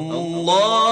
الله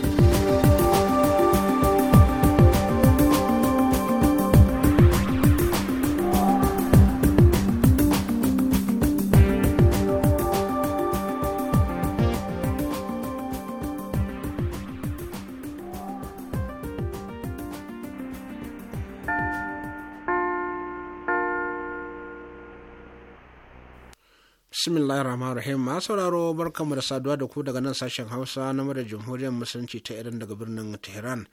bismillahir rahmanir rahim ma sauraro mu da saduwa da ku daga nan sashen hausa na madar jamhuriyar musulunci ta irin daga birnin tehran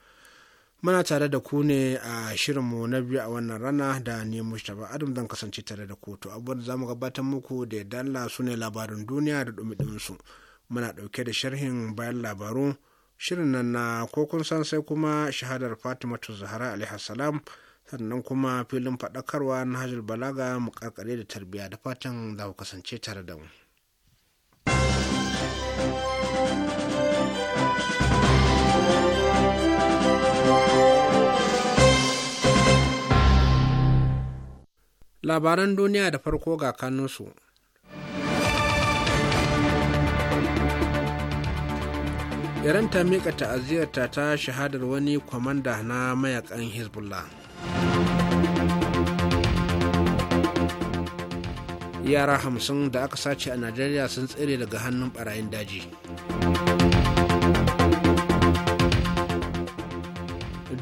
muna tare da ku ne a shirin mu na biyu a wannan rana da ni mustapha adam zan kasance tare da ku to abubuwan da zamu gabatar muku da dalla su ne labarin duniya da dumi su muna dauke da sharhin bayan labaru shirin nan na ko kun san sai kuma shahadar fatimatu zahra alaihi salam sannan kuma filin faɗakarwa na hajjul balaga mu ƙarƙare da tarbiyya da fatan za ku kasance tare da mu labaran duniya da farko ga kanunsu iran ta miƙa ta'aziyarta ta shahadar wani kwamanda na mayakan hezbollah yara hamsin da aka sace a najeriya sun tsere daga hannun barayin daji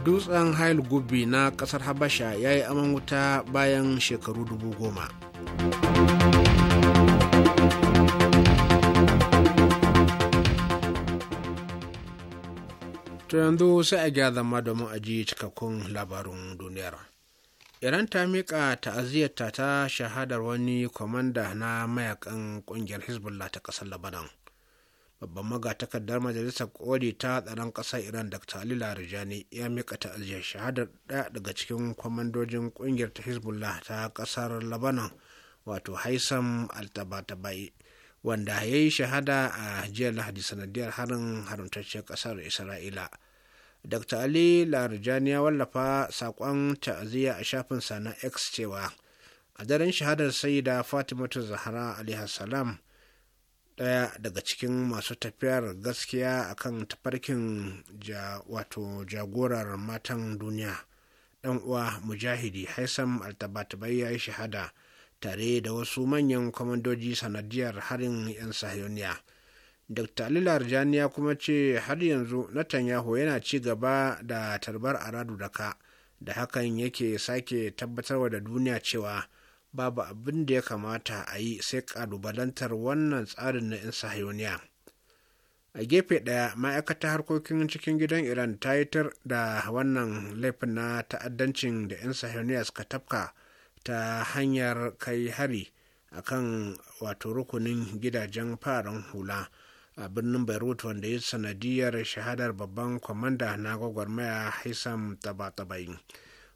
dutsen hail gubi na kasar habasha ya yi aman wuta bayan shekaru dubu goma to yanzu sai a gyara zama domin aji cikakkun labarun duniyar iran ta miƙa ta'aziyarta ta shahadar wani kwamanda na mayakan ƙungiyar hezbollah ta ƙasar labanan babban magatakardar majalisar koli ta tsaron ƙasar iran dr ali larijani ya mika ta'aziyar shahadar ɗaya daga cikin kwamandojin ƙungiyar ta hezbollah ta ƙasar labanan wato haisam altabatabai wanda ya yi shahada a jiya lahadi sanadiyar harin haruntacciyar ƙasar isra'ila dr ali larijani ya wallafa saƙon ta'aziyya a shafinsa na x cewa a daren shahadar sayida fatimatu zahra alaihi salam ɗaya daga cikin masu tafiyar gaskiya akan tafarkin wato jagorar matan duniya ɗan uwa mujahidi haisam altabatabai ya yi shahada tare da wasu manyan kwamandoji sanadiyar harin 'yan sahiyoniya dr lilar ya kuma ce har yanzu netanyahu yana ci gaba da tarbar aradu daka da hakan yake sake tabbatarwa da duniya cewa babu abin da ya kamata a yi sai kalubalantar wannan tsarin na 'yan sahayoniya a gefe daya ma'aikatar harkokin cikin gidan iran ta tar da wannan laifin na ta'addancin da 'yan sahiyoniya suka tafka ta hanyar kai hari akan wato rukunin gidajen farin hula a birnin beirut wanda ya sanadiyar shahadar babban kwamanda na gwagwarmaya haisam taba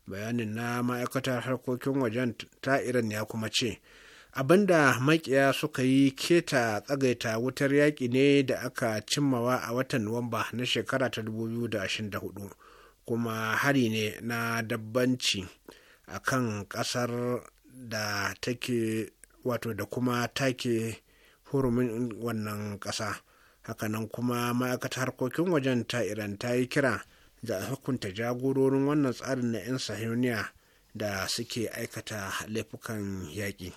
bayanin na ma'aikatar harkokin wajen ta iran ya kuma ce abinda makiya suka yi keta tsagaita wutar yaƙi ne da aka cimmawa a watan nuwamba na shekara ta 2024 kuma hari ne na dabbanci a kan ƙasar da take wato da kuma take hurumin wannan ƙasa hakanan kuma ma'aikatar harkokin wajen ta iran ta yi kira da a hukunta jagororin wannan tsarin na 'yan sahiyoniya da suke aikata laifukan yaƙi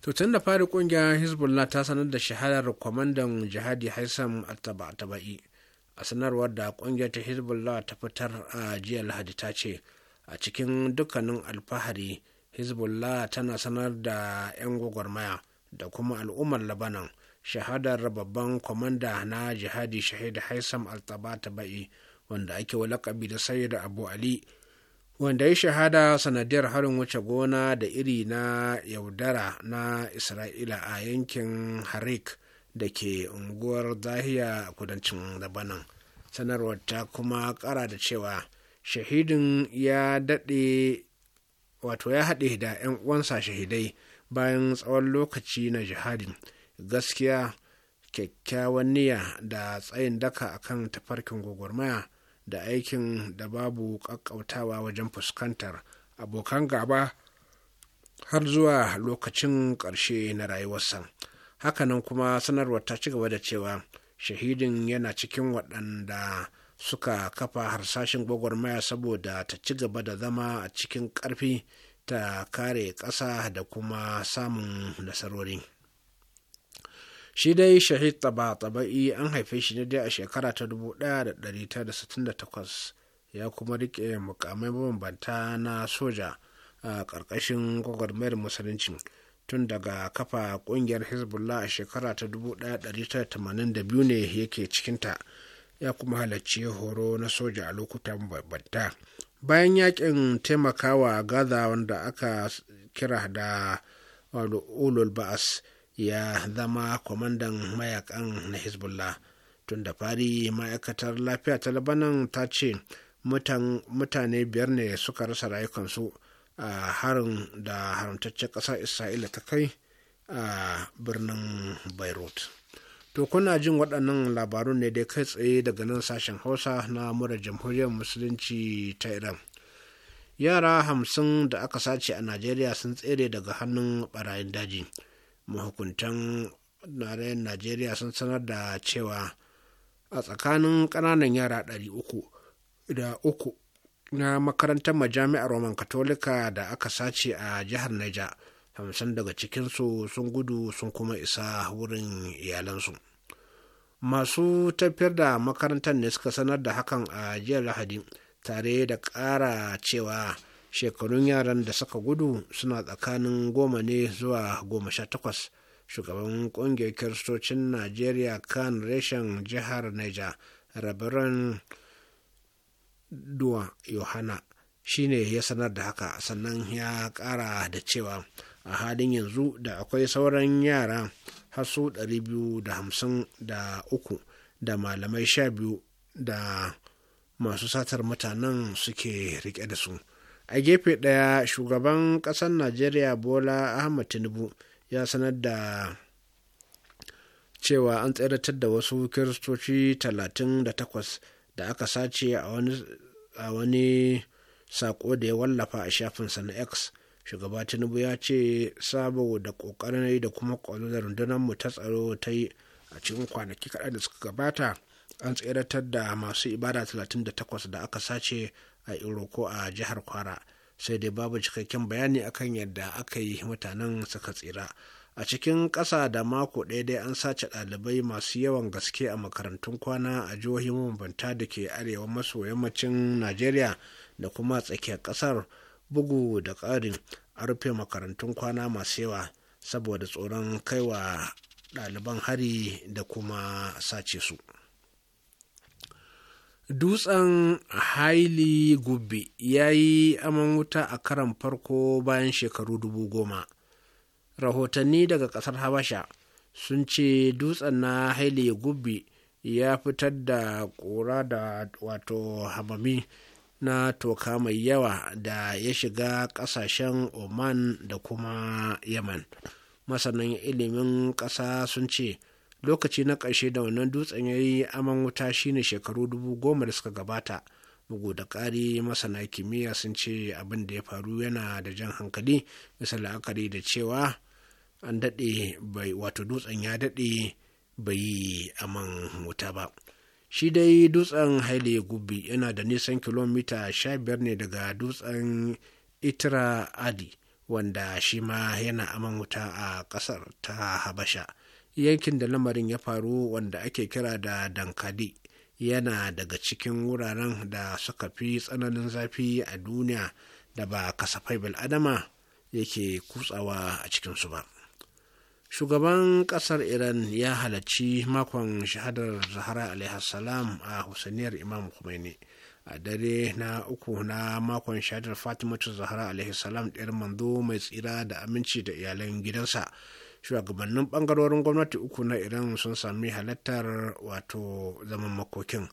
tun da fari kungiyar hezbollah ta sanar da shahadar kwamandan jihadi haisam ataba'i a sanarwar da kungiyar ta hezbollah ta fitar a jiya lahadi ta ce a cikin dukkanin alfahari hezbollah tana sanar da 'yan gwagwarmaya da kuma al'ummar labanan shahadar babban kwamanda na jihadi shahid haisam al-tabatabai wanda ake walakabi da sayyid abu ali wanda ya shahada sanadiyar harin wuce gona da iri na yaudara na isra'ila a yankin harik da ke unguwar zahiya a kudancin labanan sanarwar ta kuma kara da cewa shahidin ya daɗe wato ya haɗe da 'yan uwansa shahidai bayan tsawon lokaci na jihadin gaskiya kyakkyawan niyya da tsayin daka akan tafarkin gwagwarmaya da aikin da babu ƙaƙƙautawa wajen fuskantar abokan gaba har zuwa lokacin ƙarshe na rayuwarsa hakanan kuma sanarwar ta ci gaba da cewa shahidin yana cikin waɗanda suka kafa harsashin gwagwarmaya saboda ta ci gaba da zama a cikin ƙarfi ta kare ƙasa da kuma samun nasarori. shi dai shahid taba taba'i an haife shi ne dai a shekara ta 1968 ya kuma rike mukamai mabambanta na soja a ƙarƙashin gwagwarmayar musulunci tun daga kafa ƙungiyar hezbollah a shekara ta 1982 ne yake cikinta ya kuma halarci horo na soja a lokuta mabambanta bayan yakin taimakawa gaza wanda aka kira da ulul ba'as ya zama kwamandan mayakan na hezbollah tun da fari ma'aikatar lafiya ta labanan ta ce mutane biyar ne suka rasa rayukansu a harin da haramtaccen ƙasar isra'ila ta kai a birnin beirut to kuna jin waɗannan labarun ne dai kai tsaye daga nan sashen hausa na mura jamhuriyar musulunci ta iran yara hamsin da aka sace a najeriya sun tsere daga hannun barayin daji mahukuntan narayen najeriya sun sanar da cewa a tsakanin ƙananan yara ɗari na makarantar majami'ar roman katolika da aka sace a jihar Niger, hamsin daga cikinsu sun gudu sun kuma isa wurin iyalansu masu tafiyar da makarantar ne suka sanar da hakan a jiya lahadi tare da ƙara cewa shekarun yaran da suka gudu suna tsakanin goma ne zuwa goma sha takwas shugaban kungiyar kiristocin najeriya kan reshen jihar niger rabaran duwa yohana shine ya sanar da haka sannan ya kara da cewa a halin yanzu da akwai sauran yara hasu biyu da da malamai sha biyu da masu satar mutanen suke rike da su a gefe daya shugaban ƙasar najeriya bola ahmad tinubu ya sanar da cewa an tseratar da wasu kiristoci 38 da aka sace a wani sako da ya wallafa a shafin na x shugaba tinubu ya ce sabo da kokarin da kuma kwallo da rundunar mu ta tsaro ta yi a cikin kwanaki kaɗan da suka gabata an tseratar da masu ibada 38 da aka sace a iroko a jihar kwara sai dai babu cikakken bayani akan yadda aka yi mutanen suka tsira a cikin ƙasa da mako ɗaya dai an sace ɗalibai masu yawan gaske a makarantun kwana a jihohin mabanta da ke arewa maso yammacin najeriya da kuma tsakiyar ƙasar bugu da ƙarin a rufe makarantun kwana masu yawa saboda tsoron kaiwa ɗaliban hari da kuma sace su. dutsen haili gubbi ya yi aman wuta a karan farko bayan shekaru dubu goma rahotanni daga kasar habasha sun ce dutsen na haili gubbi ya fitar da kura da wato hamami na toka mai yawa da ya shiga kasashen oman da kuma yaman masanin ilimin kasa sun ce lokaci na ƙarshe da wannan dutsen ya yi aman wuta shine shekaru dubu goma da suka gabata bugu da ƙari masana kimiyya sun ce abin da ya faru yana da jan hankali bisa la'akari da cewa an daɗe wato dutsen ya daɗe bai yi aman wuta ba shi dai dutsen haile gubi yana da nisan kilomita sha biyar ne daga dutsen itira adi wanda shi ma yana aman wuta a ƙasar ta habasha yankin da lamarin ya faru wanda ake kira da dankali yana daga cikin wuraren da suka fi tsananin zafi a duniya da ba kasafai bil'adama yake kutsawa a cikinsu ba shugaban kasar iran ya halarci makon shahadar zahara alaihassalam a husaniyar imam khomeini a dare na uku na makon shahadar fatimatu zahara alaihassalam ɗayar manzo mai tsira da aminci da iyalan gidansa shugabannin bangarorin gwamnati uku na iran sun sami halittar wato zaman makokin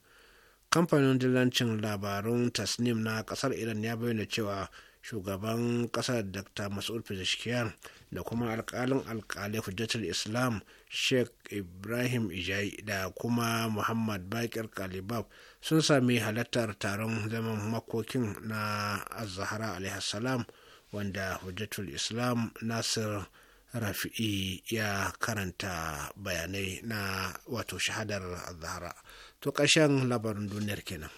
kamfanin dillancin labarun tasnim na kasar iran ya bayyana cewa shugaban kasar dr masud fizishkiyar da kuma alkalin alkalai hujjatul islam sheikh ibrahim ijai da kuma muhammad bakir kalibab sun sami halattar taron zaman makokin na azahara alaihi wanda hujjatul islam nasir rafi'i ya karanta bayanai na wato shahadar zahra to ƙarshen labarin duniyar kenan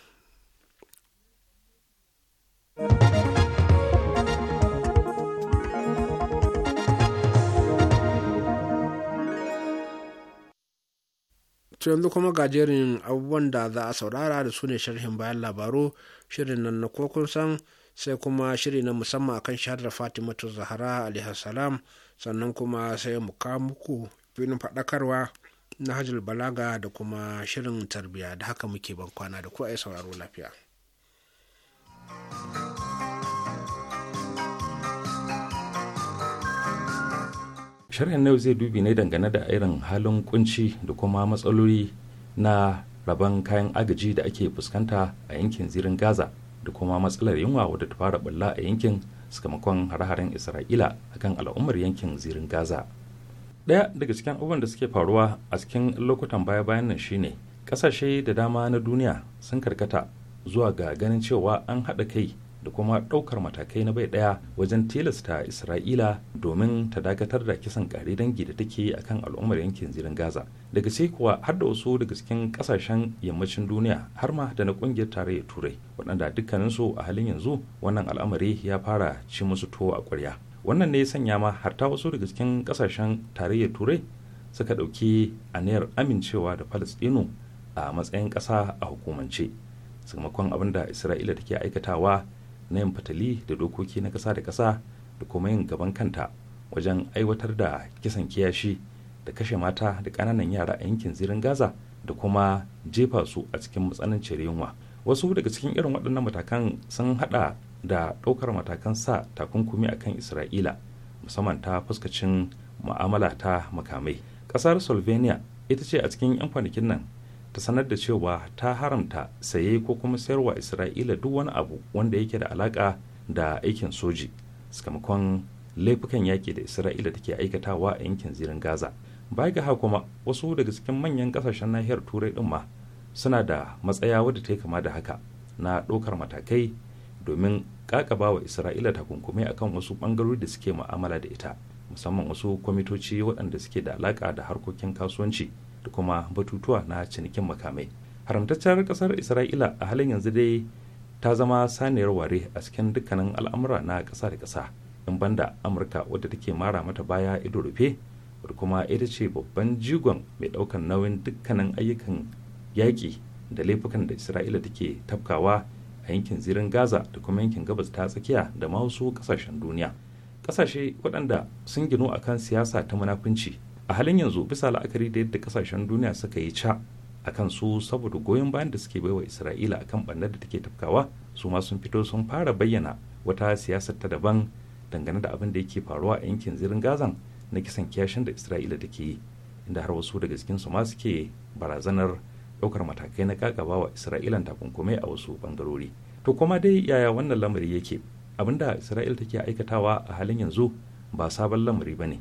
to yanzu kuma gajerin abubuwan da za a saurara da su ne sharhin bayan labaru shirin nan na kokun san sai kuma shiri na musamman akan shahadar fatimatu zahara alaihi salam sannan kuma sai mu kawo muku filin faɗakarwa na hajjul balaga da kuma shirin tarbiyya da haka muke ban kwana da ku a sauraro lafiya. Shirin yau zai dubi ne dangane da irin halin kunci da kuma matsaloli na rabon kayan agaji da ake fuskanta a yankin zirin Gaza da kuma matsalar yunwa wadda ta fara balla a yankin sakamakon hare-haren isra'ila akan al'ummar yankin zirin gaza ɗaya daga cikin abubuwan da suke faruwa a cikin lokutan baya-bayan nan shine ƙasashe da dama na duniya sun karkata zuwa ga ganin cewa an haɗa kai da kuma ɗaukar matakai na bai ɗaya wajen tilasta isra'ila domin ta dakatar da kisan ƙare dangi da take a kan al'ummar yankin zirin gaza daga sai kuwa har da wasu daga cikin ƙasashen yammacin duniya har ma da na ƙungiyar tarayyar turai waɗanda dukkaninsu a halin yanzu wannan al'amari ya fara ci musu tuwo a ƙwarya wannan ne ya sanya ma har ta wasu daga cikin ƙasashen tarayyar turai suka ɗauki aniyar amincewa da falastinu a matsayin ƙasa a hukumance sakamakon abin da isra'ila take aikatawa na yin fatali da dokoki na ƙasa da ƙasa da kuma yin gaban kanta wajen aiwatar da kisan kiyashi da kashe mata da ƙananan yara a yankin zirin gaza da kuma jefa su a cikin matsanancin yunwa wasu daga cikin irin waɗannan matakan sun haɗa da ɗaukar matakan sa takunkumi a kan isra'ila musamman ta fuskacin ma'amala ta makamai ƙasar slovenia ita ce a cikin 'yan kwanakin nan ta sanar da cewa ta haramta saye ko kuma sayarwa isra'ila duk wani abu wanda yake da alaka da aikin soji sakamakon laifukan yaƙi da isra'ila take aikatawa a yankin zirin gaza baya ga kuma wasu daga cikin manyan kasashen nahiyar turai din ma suna da matsaya wadda ta yi kama da haka na ɗaukar matakai domin kakaba wa isra'ila takunkumi akan wasu ɓangarori da suke mu'amala da ita musamman wasu kwamitoci waɗanda suke da alaƙa da harkokin kasuwanci da kuma batutuwa na cinikin makamai haramtaccen kasar isra'ila a halin yanzu dai ta zama saniyar ware a cikin dukkanin al'amura na ƙasa da ƙasa in banda amurka wadda take mara mata baya ido rufe wadda kuma ita ce babban jigon mai ɗaukan nauyin dukkanin ayyukan yaƙi da laifukan da isra'ila take tafkawa a yankin zirin gaza da kuma yankin gabas ta tsakiya da ma wasu ƙasashen duniya ƙasashe waɗanda sun ginu akan siyasa ta munafunci a halin yanzu bisa la'akari da yadda kasashen duniya suka yi ca a kan su saboda goyon bayan da suke baiwa isra'ila a kan ɓannar da take tafkawa su ma sun fito sun fara bayyana wata siyasar ta daban dangane da abin da yake faruwa a yankin zirin gazan na kisan kiyashin da isra'ila take yi inda har wasu daga cikin su ma suke barazanar ɗaukar matakai na kakaba wa isra'ilan takunkumai a wasu bangarori to kuma dai yaya wannan lamari yake abinda isra'ila take aikatawa a halin yanzu ba sabon lamari ba ne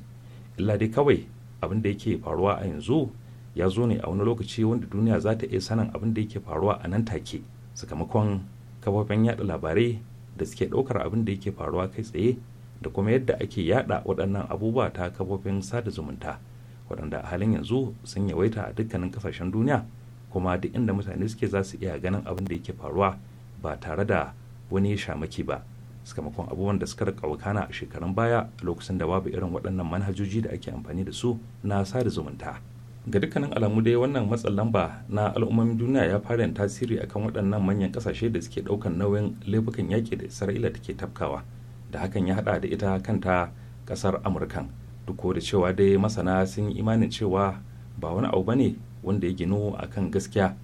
illa dai kawai abin da yake faruwa a yanzu ya zo ne a wani lokaci wanda duniya za ta iya sanin abin da yake faruwa a nan take sakamakon kafofin yada labarai da suke ɗaukar abin da yake faruwa kai tsaye da kuma yadda ake yada waɗannan abubuwa ta kafofin sada zumunta waɗanda a halin yanzu sun yawaita a dukkanin kasashen duniya kuma duk inda mutane suke za su iya ganin abin da yake faruwa ba tare da wani shamaki ba sakamakon abubuwan da suka rika wakana a shekarun baya lokacin da babu irin waɗannan manhajoji da ake amfani da su na sada zumunta ga dukkanin alamu dai wannan matsin lamba na al'ummomin duniya ya fara yin tasiri akan waɗannan manyan ƙasashe da suke ɗaukan nauyin laifukan yaƙi da isra'ila take tafkawa da hakan ya haɗa da ita kanta ƙasar amurkan duk da cewa dai masana sun yi imanin cewa ba wani abu ba ne wanda ya ginu kan gaskiya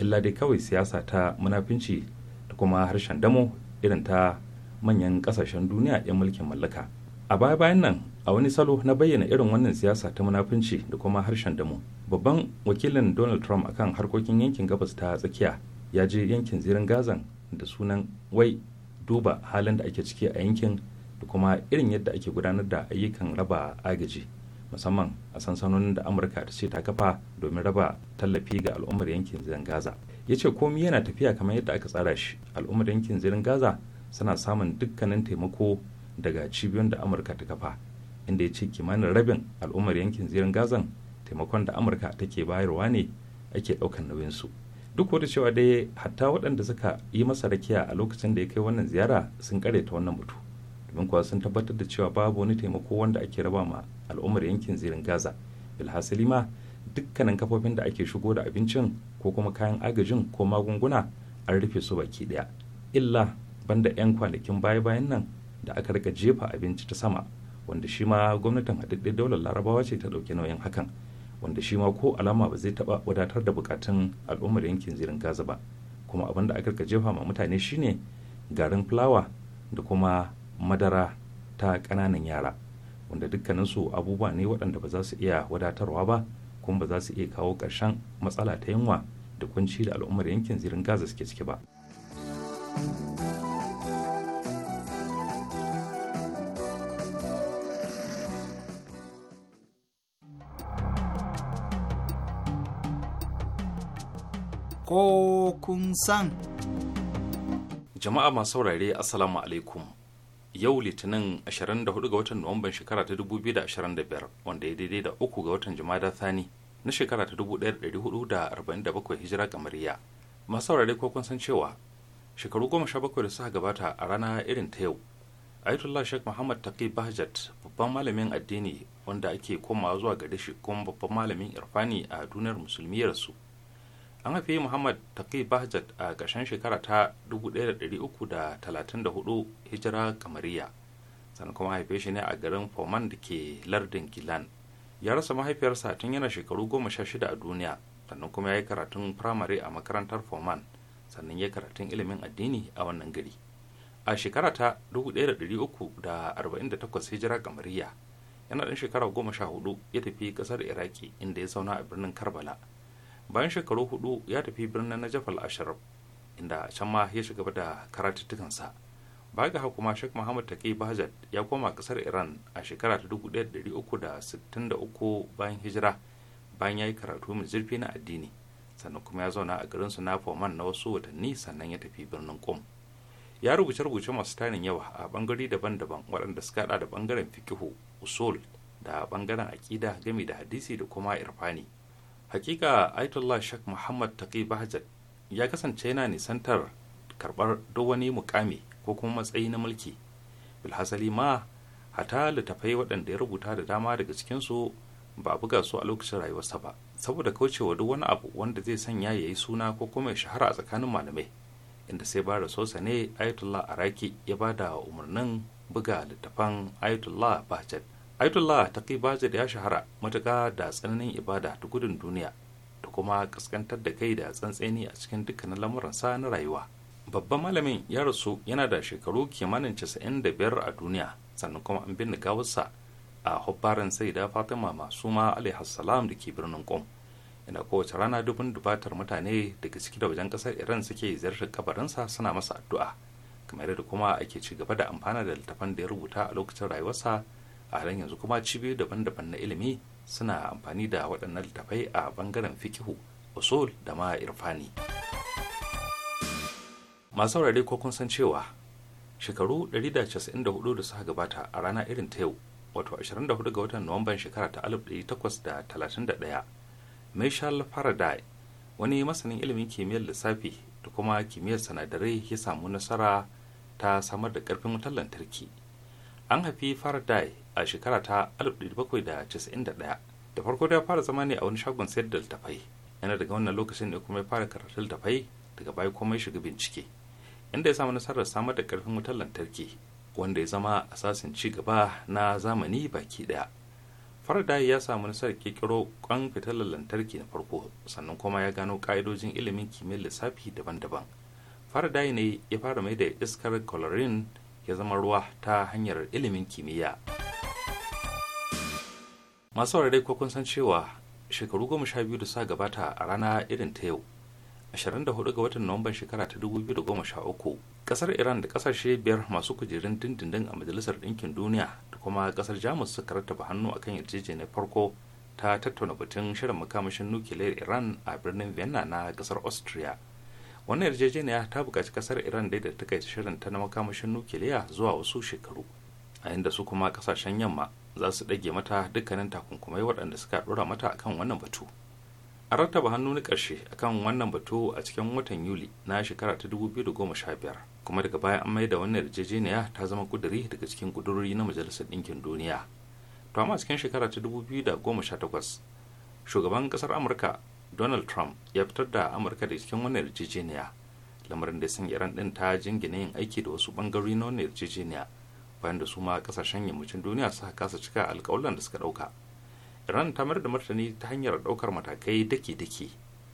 illa dai kawai siyasa ta munafinci da kuma harshen damo irin ta manyan kasashen duniya ya mulkin mallaka a baya bayan nan a wani salo na bayyana irin wannan siyasa ta munafunci da kuma harshen damu babban wakilin donald trump akan harkokin yankin gabas ta tsakiya ya je yankin zirin gazan da sunan wai duba halin da ake ciki a yankin da kuma irin yadda ake gudanar da ayyukan raba agaji musamman a sansanonin da amurka ta ce ta kafa domin raba tallafi ga al'ummar yankin zirin gaza ya ce komi yana tafiya kamar yadda aka tsara shi al'ummar yankin zirin gaza suna samun dukkanin taimako daga cibiyoyin da amurka ta kafa inda ya ce kimanin rabin al'ummar yankin zirin gazan taimakon da amurka take bayarwa ne ake ɗaukan nauyinsu duk wata cewa dai hatta waɗanda suka yi masa rakiya a lokacin da ya kai wannan ziyara sun kare ta wannan mutu domin kuwa sun tabbatar da cewa babu wani taimako wanda ake raba ma al'ummar yankin zirin gaza bilhassali ma dukkanin kafofin da ake shigo da abincin ko kuma kayan agajin ko magunguna an rufe su baki ɗaya illa banda 'yan kwanakin baya-bayan nan da aka rika jefa abinci ta sama wanda shi ma gwamnatin haɗaɗɗen daular larabawa ce ta ɗauki nauyin hakan wanda shi ma ko alama ba zai taɓa wadatar da bukatun al'ummar yankin zirin gaza ba kuma abin da aka rika jefa ma mutane shine garin fulawa da kuma madara ta ƙananan yara wanda dukkaninsu abubuwa ne waɗanda ba za su iya wadatarwa ba kuma ba za su iya kawo ƙarshen matsala ta yunwa da kunci da al'ummar yankin zirin gaza suke ciki ba. ko kun san. Jama'a masu saurare Assalamu alaikum. Yau Litinin 24 ga watan Nuwamban shekara ta 2025 wanda ya daidai da uku ga watan Jumada Thani na shekara ta 1447 hijira kamariya. Masu saurare ko kun san cewa shekaru goma sha bakwai da suka gabata a rana irin ta yau. Ayatollah Sheikh Muhammad Taqi Bahjat babban malamin addini wanda ake komawa zuwa gare shi kuma babban malamin irfani a duniyar musulmiyar su an haife muhammad taqi bahjat a ƙarshen shekara ta 1334 hijira kamariya sannan kuma haife shi ne a garin foman da ke lardin gilan ya rasa mahaifiyarsa tun yana shekaru goma sha shida a duniya sannan kuma ya yi karatun firamare a makarantar foman sannan ya karatun ilimin addini a wannan gari a shekara ta 1348 hijira kamariya yana ɗan shekara goma sha hudu ya tafi ƙasar iraki inda ya zauna a birnin karbala bayan shekaru hudu ya tafi birnin na jafal ashirin inda can ma ya shiga da karatuttukansa baya ga kuma shek muhammad taqi bahjat ya koma kasar iran a shekara ta 1363 bayan hijira bayan ya yi karatu mai zurfi na addini sannan kuma ya zauna a garin su na foman na wasu watanni sannan ya tafi birnin kum ya rubuce rubuce masu tarin yawa a bangare daban-daban waɗanda suka hada da bangaren fikihu usul da bangaren aƙida gami da hadisi da kuma irfani hakika aitullah shak muhammad taqi bahjat ya kasance yana nisantar karbar duk wani mukami ko kuma matsayi na mulki bilhassali ma hata littafai waɗanda ya rubuta da dama daga cikinsu ba a buga su a lokacin rayuwarsa ba saboda kaucewa duk wani abu wanda zai sanya ya yi suna ko kuma ya shahara a tsakanin malamai inda sai ba da sosa ne ayatollah araki ya ba da umarnin buga littafan ayatullah bahjat aitullah ta kai da ya shahara matuƙa da tsananin ibada ta gudun duniya da kuma kaskantar da kai da tsantseni a cikin dukkanin lamuransa na rayuwa babban malamin ya rasu yana da shekaru kimanin casa'in da biyar a duniya sannan kuma an binne gawarsa a hubbaran sai da fatima masu ma alaihassalam da ke birnin kom ina kowace rana dubin dubatar mutane daga ciki da wajen kasar iran suke ziyartar kabarinsa suna masa addu'a kamar da kuma ake ci gaba da amfana da littafan da ya rubuta a lokacin rayuwarsa a halin yanzu kuma cibiyoyi daban-daban na ilimi suna amfani da waɗannan littafai a bangaren fikihu usul da ma irfani masu saurare ko kun san cewa shekaru 194 da suka gabata a rana irin ta yau wato 24 ga watan nuwamban shekara ta 1831 michel faraday wani masanin ilimin kimiyyar lissafi da kuma kimiyyar sanadarai ya samu nasara ta samar da karfin wutar lantarki an haifi faraday a shekara ta 1791 da farko da ya fara zama ne a wani shagon sayar da littafai yana daga wannan lokacin ne kuma ya fara karatun littafai daga baya kuma ya shiga bincike inda ya samu nasarar samar da karfin wutar lantarki wanda ya zama asasin ci gaba na zamani baki daya faraday ya samu nasarar kirkiro kwan fitar lantarki na farko sannan kuma ya gano ka'idojin ilimin kimiyyar lissafi daban-daban faraday ne ya fara mai da iskar chlorine ya zama ruwa ta hanyar ilimin kimiyya masu saurare ko kun san cewa shekaru goma sha biyu da sa gabata a rana irin ta yau 24 ga watan nuwamban shekara ta 2013 kasar iran da kasashe biyar masu kujerun dindindin a majalisar ɗinkin duniya da kuma kasar jamus suka rattaba hannu akan yarjejeniyar farko ta tattauna batun shirin makamashin nukiliyar iran a birnin vienna na kasar austria wannan yarjejeniya ta bukaci kasar iran da ta kai shirin ta na makamashin nukiliya zuwa wasu shekaru a inda su kuma kasashen yamma za su ɗage mata dukkanin takunkumai waɗanda suka ɗora mata akan wannan batu a rattaba hannu na ƙarshe akan wannan batu a cikin watan yuli na shekara ta biyar, kuma daga baya an mai da wannan yarjejeniya ta zama kuduri daga cikin kudurori na majalisar ɗinkin duniya to amma cikin shekara ta 2018 shugaban ƙasar amurka donald trump ya fitar da amurka da cikin wannan yarjejeniya lamarin da sun iran ɗin ta jingina yin aiki da wasu ɓangarori na wannan yarjejeniya bayan da su ma kasashen yammacin duniya suka kasa cika alkawalan da suka dauka iran ta mayar da martani ta hanyar daukar matakai dake-dake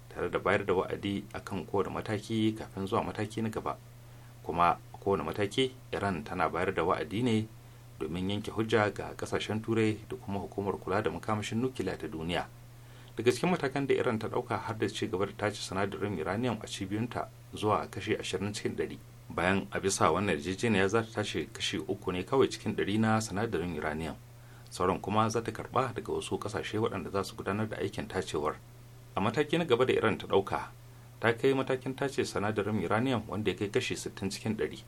tare da bayar da wa'adi akan kowane mataki kafin zuwa mataki na gaba kuma kowane mataki iran tana bayar da wa'adi ne domin yanke hujja ga kasashen turai da kuma hukumar kula da makamashin nukiliya ta duniya daga cikin matakan da iran ta dauka har da ci gaba da tace sinadarin uranium a cibiyunta zuwa kashi 20 cikin 100 bayan a bisa wannan yarjejeniya za ta tashi kashi uku ne kawai cikin ɗari na sanadarin uranium sauran kuma za ta karba daga wasu kasashe waɗanda za su gudanar da aikin tacewar a mataki na gaba da iran ta ɗauka ta kai matakin tace sanadarin uranium wanda ya kai kashi 60 cikin ɗari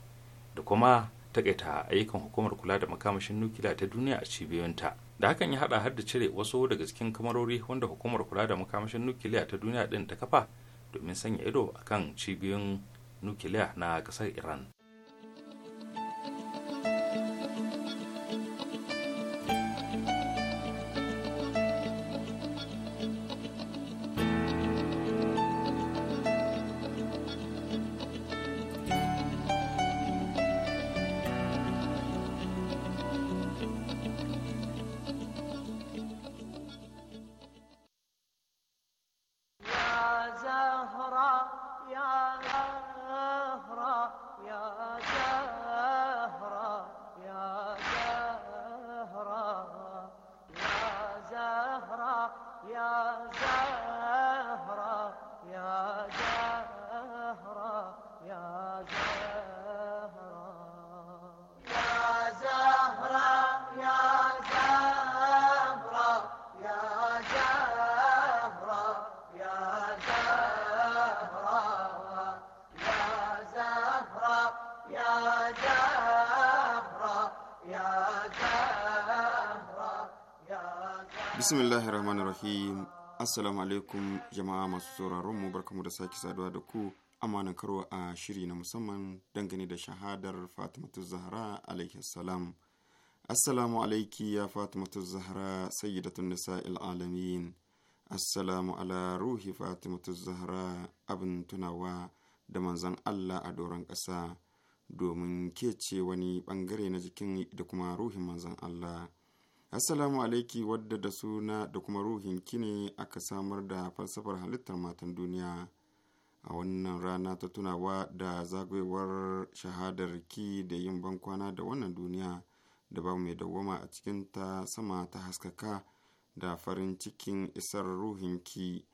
da kuma takaita ayyukan hukumar kula da makamashin nukiliya ta duniya a cibiyoyinta da hakan ya hada har da cire wasu daga cikin kamarori wanda hukumar kula da makamashin nukiliya ta duniya ɗin ta kafa domin sanya ido akan cibiyoyin nukiliya na ƙasar iran rahim assalamu alaikum jama'a masu sauraron mu barkamu da sake saduwa da ku amanan karo a shiri na musamman dangane da shahadar fatimatu zahara alaihi salam assalamu alaiki ya fatimatu zahra sayyidatun nisa alamin assalamu ala ruhi fatimatu zahara abin tunawa da manzan allah a doron ƙasa domin ke ce wani ɓangare na jikin da kuma ruhin manzan allah Assalamu alaiki wadda da suna da kuma ruhinki ne aka samar da falsafar halittar matan duniya a wannan rana ta tunawa da zagayowar shahadar ki da yin bankwana da wannan duniya da ba mai dawwama a cikin ta sama ta haskaka da farin cikin isar ruhin ki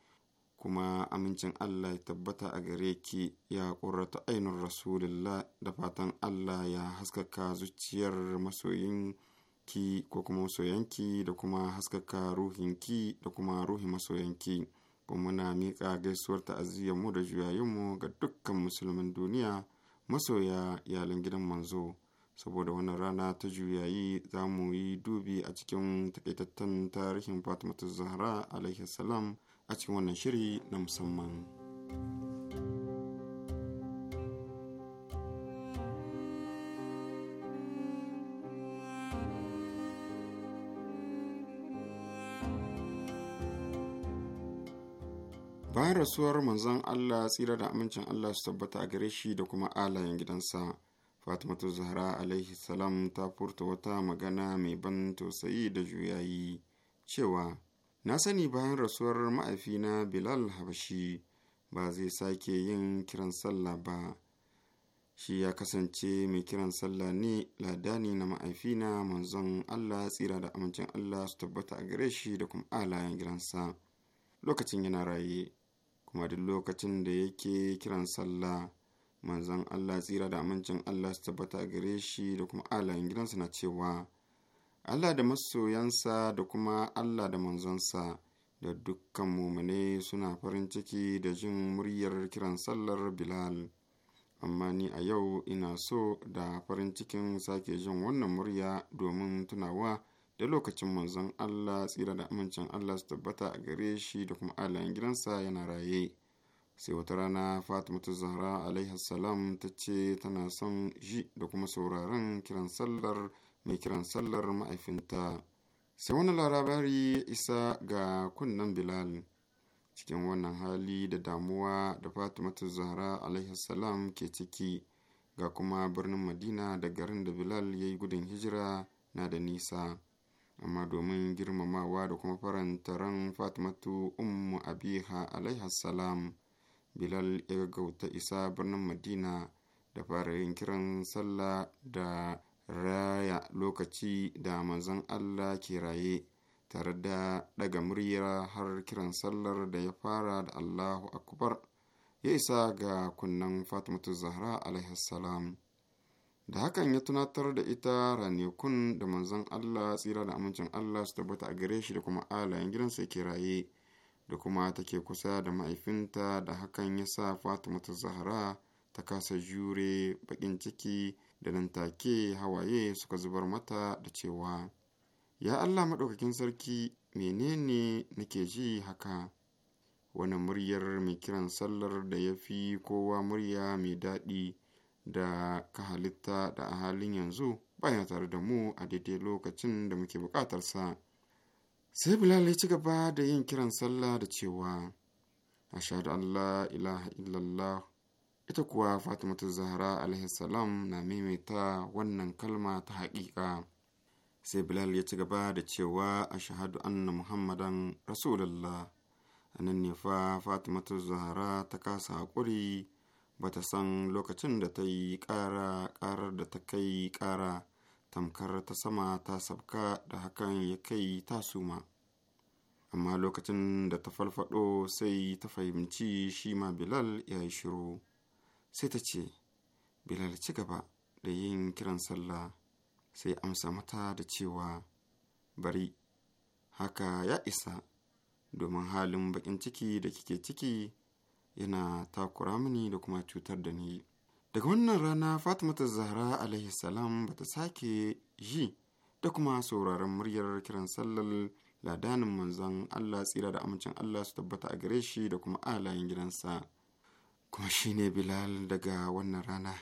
kuma amincin Allah ya tabbata a gare ki ya ƙurrata ainihin rasulullah da fatan Allah ya haskaka zuciyar masoyin ki ko kuma masoyanki da kuma haskaka ruhinki da kuma ruhin masoyanki kuma muna miƙa gaisuwar ta'aziyyar mu da juyayin mu ga dukkan musulmin duniya masoya iyalan gidan manzo saboda wannan rana ta juyayi za mu yi dubi a cikin takaitattun tarihin fatimatu zahra alaihi a cikin wannan shiri na musamman. bayan rasuwar manzon Allah tsira da amincin Allah su tabbata a gare shi da kuma alayen gidansa Fatimatu Zahra alaihi salam ta furta wata magana mai ban tausayi da juyayi cewa na sani bayan rasuwar ma'afina Bilal Habashi ba zai sake yin kiran sallah ba shi ya kasance mai kiran sallah ne ladani na ma'afina manzon Allah tsira da amincin Allah su tabbata a gare shi da kuma alayen gidansa lokacin yana raye kuma duk lokacin da yake kiran sallah manzan Allah tsira da amincin Allah su tabbata gare shi da kuma alayin gidansa na cewa Allah da masoyansa da kuma Allah da manzonsa da dukkan mumune suna farin ciki da jin muryar kiran sallar Bilal amma ni a yau ina so da farin cikin sake jin wannan murya domin tunawa da lokacin manzon Allah tsira da amincin Allah su tabbata a gare shi da kuma alayen gidansa yana raye sai wata rana fatima ta zahra alaihi salam ta ce tana son shi da kuma sauraron kiran sallar mai kiran sallar ma'aifinta sai wani labari ya isa ga kunnen bilal cikin wannan hali da damuwa da fatima ta zahra alaihi salam ke ciki ga kuma birnin madina da garin da bilal ya yi gudun hijira na da nisa amma domin girmamawa da kuma faranta ran fatimatu ummu abiha alaiha salam bilal ya gauta isa birnin madina da fara yin kiran sallah da raya lokaci da manzon allah ke raye tare da daga murya har kiran sallar da ya fara da allahu akbar ya isa ga kunnen fatimatu zahra alaihi salam da hakan ya tunatar da ita ranekun, da manzon Allah tsira da amincin Allah su tabbata a gare shi da kuma alayen gidansa ke raye da kuma take kusa da mahaifinta da hakan ya sa Fatima ta Zahra ta kasa jure bakin ciki da nan take hawaye suka zubar mata da cewa ya Allah madaukakin sarki menene nake ji haka Wani muryar mai kiran sallar da ya fi kowa murya mai daɗi da ka halitta da a halin yanzu baya tare da mu a daidai lokacin da muke sa. Sai Bilal ya ci gaba da yin kiran sallah da cewa, Ashadu Allah ilaha illallah, ita kuwa Fatimatu Zahra alaihi salam na maimaita wannan kalma ta haƙiƙa. Sai Bilal ya ci gaba da cewa Ashadu Anna Muhammadan Rasulallah, a nan ne fa Fatimatu Zahra ta kasa haƙuri bata san lokacin da ta yi ƙara ƙarar da ta kai ƙara tamkar ta sama ta sabka da hakan ya kai ta suma amma lokacin da ta falfado sai ta fahimci shi ma bilal ya yi shiru sai ta ce bilal ci gaba da yin kiran sallah sai amsa mata da cewa bari haka ya isa domin halin bakin ciki da kike ciki yana takura mini da kuma cutar da ni daga wannan rana fatimata zahra alaihi salam bata sake Yi. da kuma sauraron muryar kiran sallar ladanin manzon allah tsira da amincin allah su tabbata a gare shi da kuma alayin gidansa kuma shi ne bilal daga wannan rana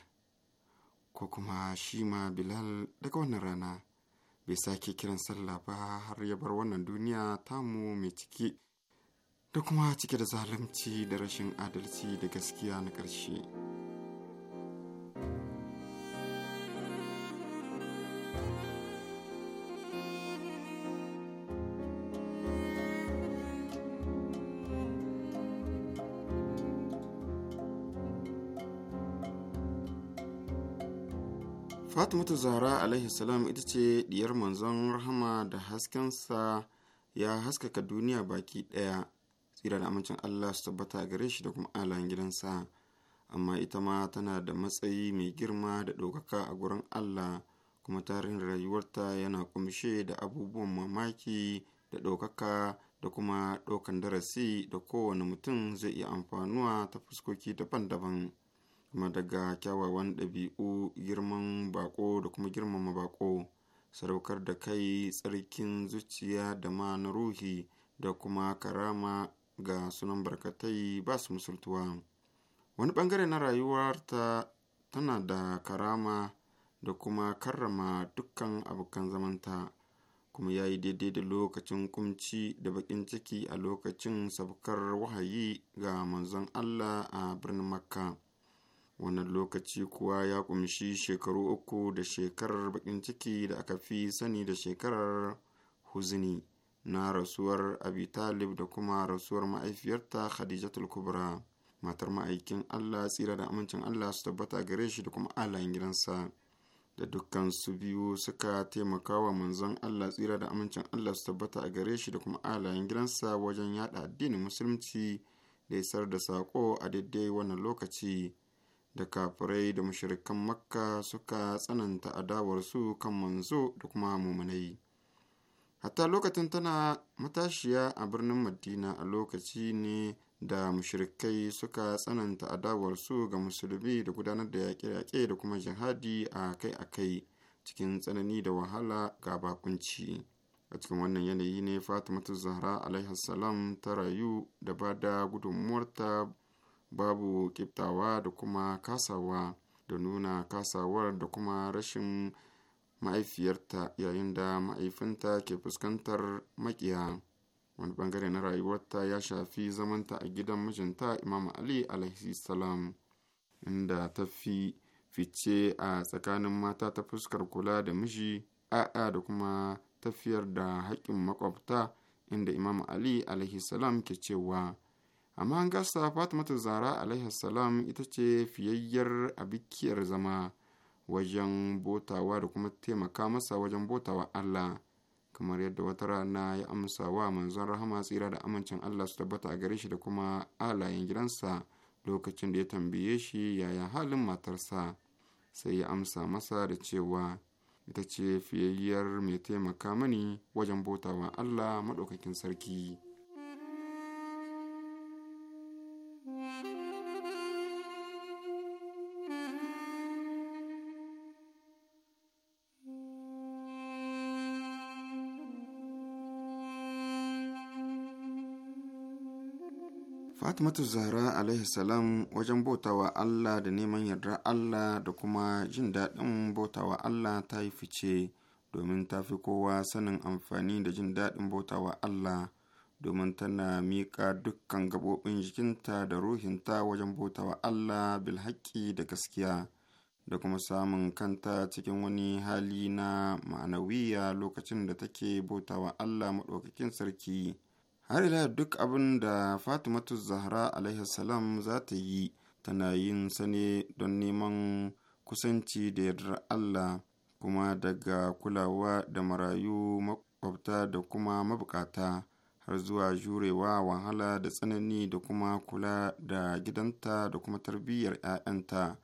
ko kuma shi ma bilal daga wannan rana bai sake kiran sallah ba har ya bar wannan duniya tamu mai ciki da kuma cike da zalunci da rashin adalci da gaskiya na ƙarshe. Fatimatu Zahra alaihi salam ita ce diyar manzon rahama da haskensa ya haskaka duniya baki ɗaya. tsira da amincin Allah su tabbata gare shi da kuma alayen gidansa amma ita ma tana da matsayi mai girma da ɗaukaka a gurin Allah kuma tarihin rayuwarta yana kumshe da abubuwan mamaki da ɗaukaka da kuma ɗaukan darasi da kowane mutum zai iya amfanuwa ta fuskoki daban-daban kuma daga kyawawan ɗabi'u girman bako da kuma girmama bako sadaukar da kai tsarkin zuciya da ma na ruhi da kuma karama ga sunan barkatai ba su musultuwa wani bangare na rayuwarta tana da karama da kuma karrama dukkan abokan zamanta kuma ya yi daidai da lokacin kumci da bakin ciki a lokacin sabkar wahayi ga manzon Allah a birnin Makka. Wannan lokaci kuwa ya kumshi shekaru uku da shekarar bakin ciki da aka fi sani da shekarar huzini na rasuwar abi talib da kuma rasuwar ma'aifiyarta khadijatul kubra matar ma'aikin allah tsira da amincin allah su tabbata gare shi da kuma alayin gidansa da dukkan su biyu suka taimaka wa manzon allah tsira da amincin allah su tabbata a gare shi da kuma alayin gidansa wajen yada addinin musulunci da isar da saƙo a daidai wannan lokaci da kafirai da mashirikan makka suka tsananta adawarsu kan manzo da kuma mumunai. hatta lokacin tana matashiya a birnin madina a lokaci ne da mushrikai suka tsananta adawarsu ga musulmi da gudanar da yaƙe-yaƙe da kuma jihadi a kai a kai cikin tsanani da wahala ga bakunci a cikin wannan yanayi ne fatimatu zahra alaihi ta rayu da ba da gudunmuwarta babu kiftawa da kuma kasawa da nuna kasawar da kuma rashin mahaifiyarta yayin da mahaifinta ke fuskantar makiya wani bangare na rayuwarta ya shafi zamanta a gidan mijinta imam ali alaihi salam inda ta fi fice a tsakanin mata ta fuskar kula da miji a'a da kuma tafiyar da haƙƙin makwabta inda imam ali alaihi salam ke cewa amma an gasa fatimatu zara alaihi salam ita ce fiyayyar a bikiyar zama wajen botawa da kuma taimaka masa wajen botawa Allah kamar yadda wata rana ya amsa wa manzon rahama tsira da amincin Allah su tabbata a gare shi da kuma alayen gidansa lokacin da ya tambaye shi yaya halin matarsa sai ya amsa masa da cewa ita ce fiyayyar mai taimaka mani wajen botawa Allah maɗaukakin sarki. fatimatu zahra alaihi salam wajen bautawa allah da neman yarda allah da kuma jin daɗin bautawa allah ta yi fice domin ta fi kowa sanin amfani da jin daɗin bautawa allah domin tana miƙa dukkan gaɓoɓin jikinta da ruhinta wajen bautawa allah bilhaƙi da gaskiya da kuma samun kanta cikin wani hali na ma'anawiya lokacin da take bautawa allah maɗaukakin sarki har ila duk abin da fatimatu zahra alaihi salam za ta yi tana yin sane don neman kusanci da yardar allah kuma daga kulawa da marayu makwabta da kuma mabukata har zuwa jurewa wahala da tsanani da kuma kula da gidanta da kuma tarbiyyar 'ya'yanta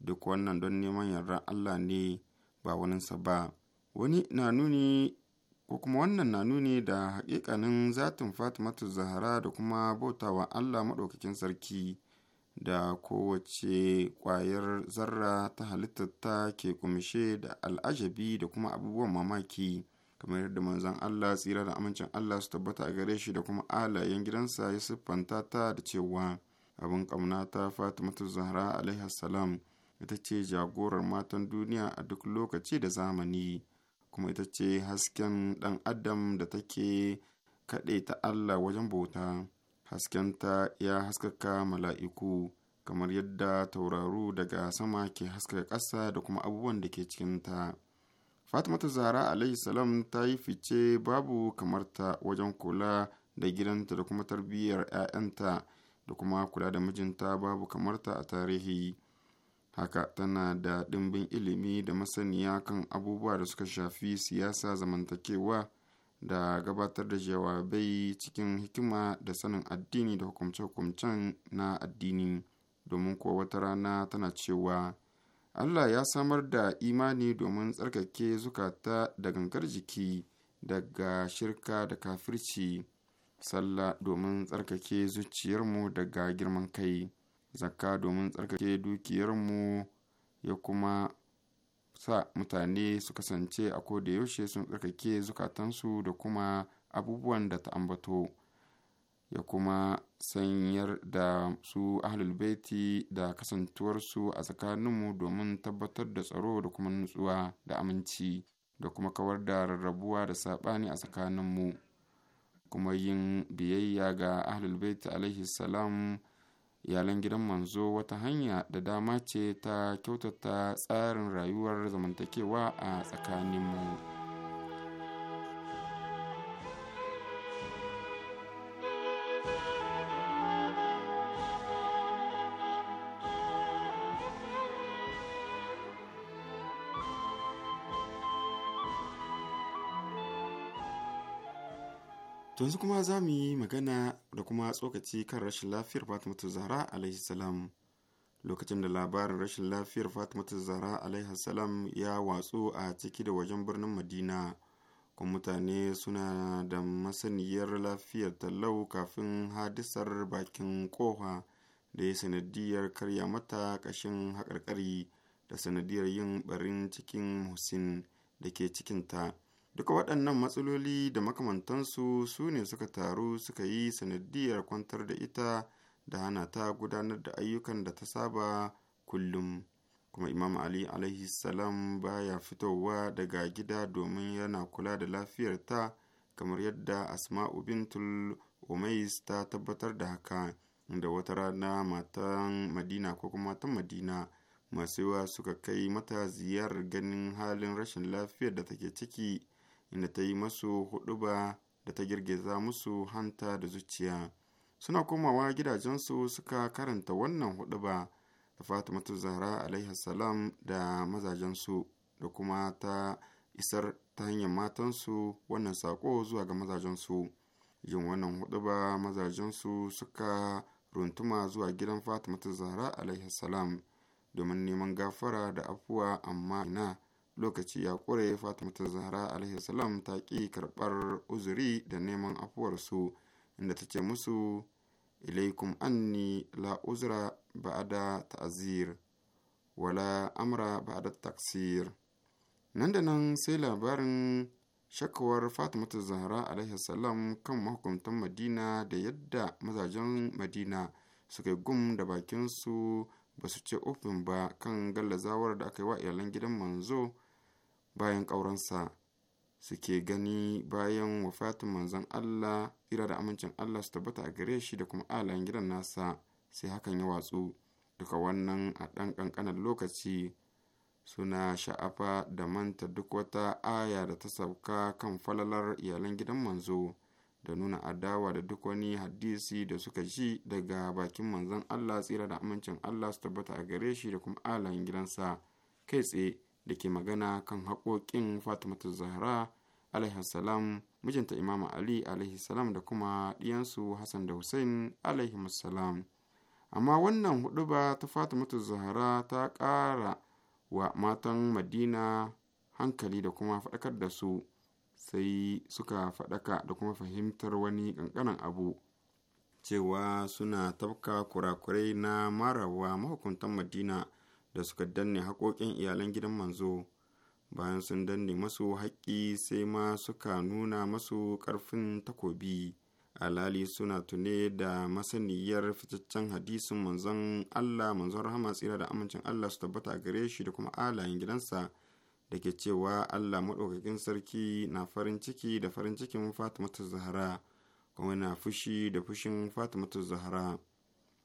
duk wannan don neman yardar allah ne ba sa ba wani na nuni ko kuma wannan na nuni da hakikanin zatin fatimatu zahara da kuma bautawa allah maɗaukakin sarki da kowace kwayar zarra ta halittarta ke kumshe da al'ajabi da kuma abubuwan mamaki kamar yadda manzon allah tsira da amincin allah su tabbata a gare shi da kuma alayen gidansa ya siffanta ta da cewa abin ƙaunata fatimatu zahara alaihi ita ce jagorar matan duniya a duk lokaci da zamani kuma ita ce hasken ɗan adam da take kaɗe ta Allah wajen bauta haskenta ya haskaka mala'iku kamar yadda tauraru daga sama ke haskaka ƙasa da kuma abubuwan da ke cikinta fatimata zara alayhi salam ta yi fice babu kamarta wajen kula da gidanta da kuma tarbiyyar 'ya'yanta da kuma kula da mijinta babu kamarta a tarihi haka tana da ɗimbin ilimi da masaniya kan abubuwa da suka shafi siyasa zamantakewa da gabatar da jawabai cikin hikima da sanin addini da hukumce-hukumcen na addini domin kuwa wata rana tana cewa Allah ya samar da imani domin tsarkake zukata da gangar jiki daga shirka da kafirci sallah domin tsarkake zuciyarmu daga girman kai zakka domin tsarkake dukiyarmu ya kuma sa mutane su kasance a da yaushe sun tsarkake zukatansu da kuma abubuwan da ta ambato ya kuma sanyar da su ahlul baiti da kasantuwarsu a tsakaninmu domin tabbatar da tsaro da kuma nutsuwa da aminci da kuma kawar da rarrabuwa da saɓani a tsakaninmu kuma yin biyayya ga ahlul baiti alaihi salam iyalan gidan manzo wata hanya da dama ce ta kyautata tsarin rayuwar zamantakewa a tsakanin mu yanzu kuma za mu yi magana da kuma tsokaci kan rashin lafiyar fatimatu zahra alaihi salam lokacin da labarin rashin lafiyar fatimatu zahra alaihi salam ya watsu a ciki da wajen birnin madina kuma mutane suna da masaniyar lafiyar talau kafin hadisar bakin koha da ya sanadiyar karya mata kashin haƙarƙari da sanadiyar yin barin cikin husin da ke cikinta duka waɗannan matsaloli da makamantansu su ne suka taru suka yi sanadiyar kwantar da ita da hana ta gudanar da ayyukan da ta saba kullum kuma imam ali alaihi salam baya fitowa daga gida domin yana kula da lafiyar ta kamar yadda asma'u bintul umais ta tabbatar da haka inda wata rana matan madina ko kuma matan madina masu yawa suka kai mata ziyarar ganin halin rashin lafiyar da take ciki inda ta yi masu huɗuba da ta girgiza musu hanta da zuciya suna komawa gidajensu suka karanta wannan huɗuba ta fatimatu zahra alaihi salam da mazajensu da kuma ta isar ta hanyar matansu wannan sako zuwa ga mazajensu yin wannan huɗuba mazajensu suka runtuma zuwa gidan fatimatu zahra alaihi salam domin neman gafara da afuwa amma ina lokaci ya kure fatimata zahra alaihi salam ta ƙi karɓar uzuri da neman afuwarsu inda ta ce musu ilaikum anni la uzra ba'ada ta'azir wala amra ba'ada taksir nan da nan sai labarin shakawar fatimata zahra alaihi salam kan mahukuntan madina da yadda mazajen madina suka gum da bakinsu ba su ce ofin ba kan gallazawar da aka yi wa iyalan gidan manzo bayan ƙauransa suke gani bayan wafatin manzon Allah ira da amincin Allah su tabbata a gare shi da kuma alayen gidan nasa sai hakan ya watsu duka wannan a ɗan ƙanƙanan lokaci suna sha'afa da manta duk wata aya da ta sauka kan falalar iyalan gidan manzo da nuna adawa da duk wani hadisi da suka ji daga bakin manzon Allah tsira da amincin Allah su tabbata a gare shi da kuma alayen gidansa kai tsaye da ke magana kan haƙoƙin fatimatu zahra alaihi salam mijinta imama ali alaihi salam da kuma ɗiyansu hassan da hussein alaihi salam amma wannan huɗuba ta fatimatu zahra ta ƙara wa matan madina hankali da kuma faɗakar da su sai suka faɗaka da kuma fahimtar wani ƙanƙanan abu cewa suna tafka kurakurai na marawa mahukuntan madina da suka danne haƙoƙin iyalan gidan manzo bayan sun danne masu haƙƙi sai ma suka nuna masu ƙarfin takobi alali suna tune da masaniyar fitaccen hadisin manzon Allah manzon rahama tsira da amincin Allah su tabbata gare shi da kuma alayen gidansa da ke cewa Allah maɗaukakin sarki na farin ciki da farin cikin Fatimatu zahara kuma na fushi da fushin Fatimatu zahara.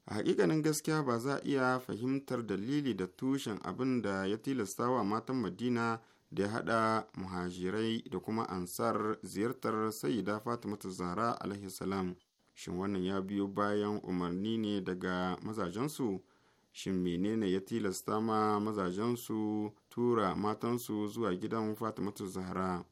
a hakikanin gaskiya ba za a iya fahimtar dalili da tushen abin da ya tilasta wa matan madina da ya haɗa muhajirai da kuma ansar ziyartar sayyida ta zahra alaihi salam shin wannan ya biyo bayan umarni ne daga mazajensu shin menene ya tilasta ma mazajensu tura matansu zuwa gidan fatima ta zahra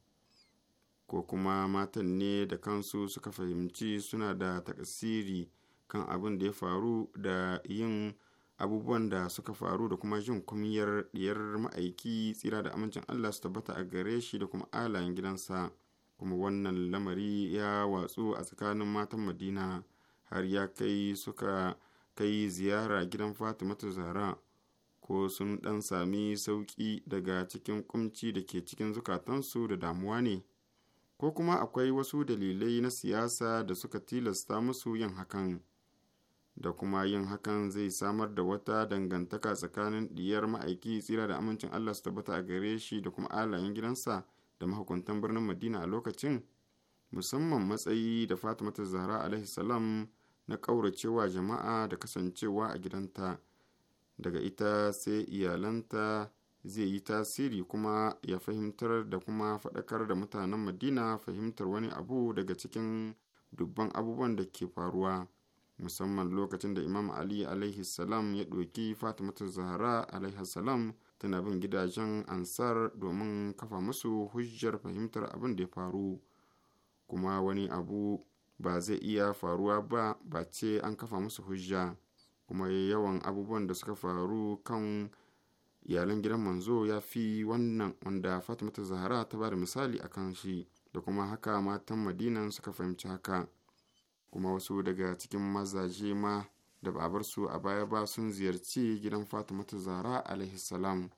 ko kuma matan ne da kansu suka fahimci suna da takasiri kan abin da ya faru da yin abubuwan da suka faru da kuma jin kumiyar diyar ma'aiki tsira da amincin Allah su tabbata a gare shi da kuma alayen gidansa kuma wannan lamari ya watsu a tsakanin matan madina har ya kai suka kai ziyara gidan fatimatu zara ko sun ɗan sami sauƙi daga cikin kumci da ke cikin zukatansu da damuwa ne ko kuma akwai wasu dalilai na siyasa da suka tilasta musu yin hakan. da kuma yin hakan zai samar da wata dangantaka tsakanin diyar ma'aiki tsira da amincin Allah su tabbata a gare shi da kuma alayen gidansa da mahukuntan birnin Madina a lokacin musamman matsayi da fatimata Zahra alaihi na ƙauracewa jama'a da kasancewa a gidanta daga ita sai iyalanta zai yi tasiri kuma ya fahimtar da kuma faɗakar da mutanen Madina fahimtar wani abu daga cikin dubban abubuwan da ke faruwa. musamman lokacin da imam ali alaihi salam ya ɗoki fatimatu zahra alaihi salam tana bin gidajen ansar domin kafa musu hujjar fahimtar abin da ya faru kuma wani abu ba zai iya faruwa ba ba ce an kafa musu hujja kuma yawan abubuwan da suka faru kan iyalan gidan manzo ya fi wannan wanda fatimatu zahra ta ba da misali a kan shi da kuma haka matan madinan suka fahimci haka kuma wasu daga cikin mazaje ma da babarsu a baya ba sun ziyarci gidan fatimata zara alaihi salam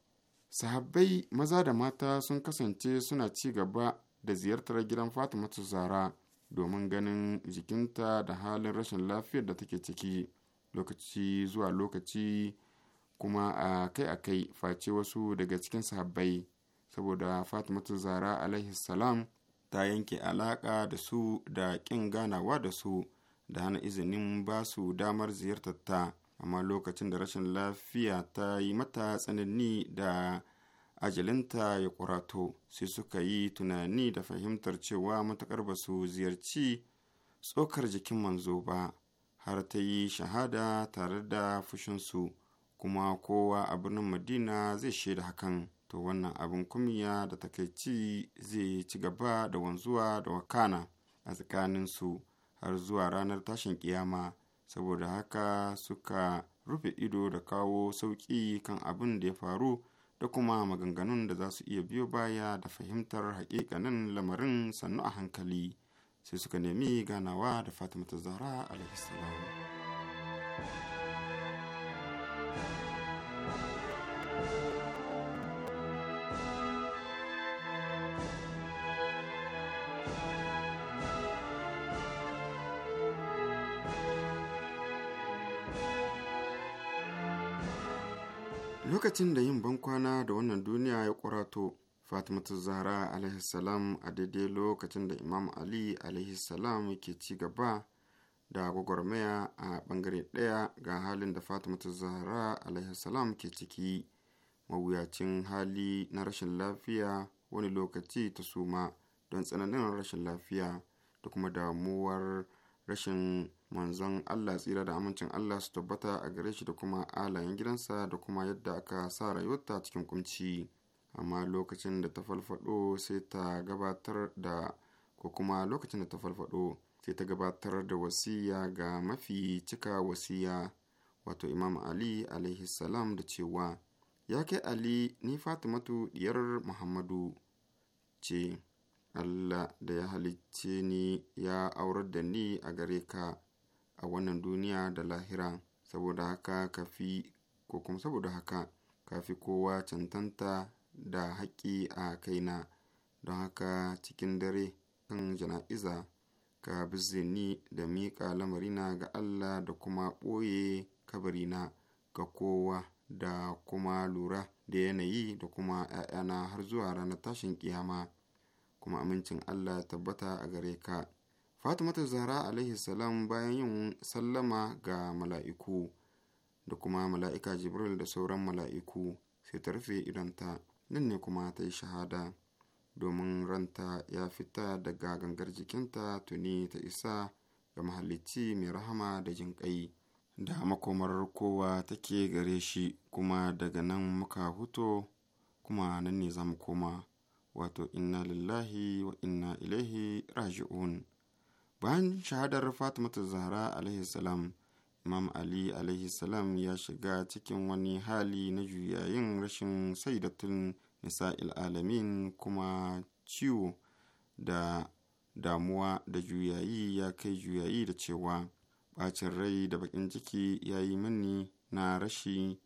sahabbai maza da mata sun kasance suna ci gaba da ziyartar gidan fatimata zara domin ganin jikinta da halin rashin lafiyar da take ciki lokaci zuwa lokaci kuma a kai a kai face wasu daga cikin sahabbai saboda fatimatu zara alaihi ta yanke alaƙa da su da ƙin ganawa da su da hana izinin ba su damar ziyartar ta amma lokacin da rashin lafiya ta yi mata tsanani da ajalinta ya kurato sai suka yi tunani da fahimtar cewa matuƙar ba su ziyarci tsokar jikin manzo ba har ta yi shahada tare da fushinsu kuma kowa a birnin madina zai shaida hakan to wannan abin kumiya da takaici zai ci gaba da wanzuwa da wakana a tsakanin su har zuwa ranar tashin kiyama saboda haka suka rufe ido da kawo sauƙi kan abin da ya faru da kuma maganganun da za su iya biyo baya da fahimtar haƙiƙanin lamarin sannu a hankali sai suka nemi ganawa da fatimata zahra alaihissalam Lokacin da yin bankwana da wannan duniya ya kurato Fatimatu Zahra alaihi salam a daidai lokacin da Imam Ali alaihi ke ci gaba da gwagwarmaya a bangare ɗaya ga halin da Fatimatu Zahra alaihi salam ke ciki, mawuyacin hali na rashin lafiya wani lokaci ta suma don tsananin rashin lafiya da kuma damuwar rashin manzon Allah tsira da amincin Allah su tabbata a gare shi da kuma alayen gidansa da kuma yadda aka sa rayuwarta cikin kunci amma lokacin da ta falfado sai ta gabatar da ko kuma lokacin da ta falfado sai ta gabatar da wasiya ga mafi cika wasiya wato imam ali alaihi salam da cewa ya kai ali ni fatimatu diyar muhammadu ce allah da ya halicce ni ya aurar da ni a gare ka a wannan duniya da lahira saboda haka ka fi ko kuma saboda haka ka fi kowa cantanta da haƙƙi a kaina don haka cikin dare kan jana'iza ka bi ni da miƙa lamarina ga Allah da kuma ɓoye kabarina ga kowa da kuma lura da yanayi da kuma ‘ya'yana har zuwa ranar tashin ƙiyama kuma amincin Allah tabbata a gare ka. fatimata zahra alaihi salam bayan yin sallama ga mala'iku da kuma mala'ika jibril da sauran mala'iku sai ta rufe idanta nan ne kuma ta yi shahada domin ranta ya fita daga gangar jikinta tuni ta isa ga mahalicci mai rahama da jin ƙai da makomar kowa take gare shi kuma daga nan muka huto kuma nan ne za mu koma wato inna lillahi wa inna ilaihi raji'un bayan shahadar fatimatu zahra alaihi salam imam ali alaihi salam ya shiga cikin wani hali na juyayin rashin saidatun nisa'il alamin kuma ciwo da damuwa da juyayi ya kai juyayi da cewa bacin rai da bakin ciki ya yi mini na rashi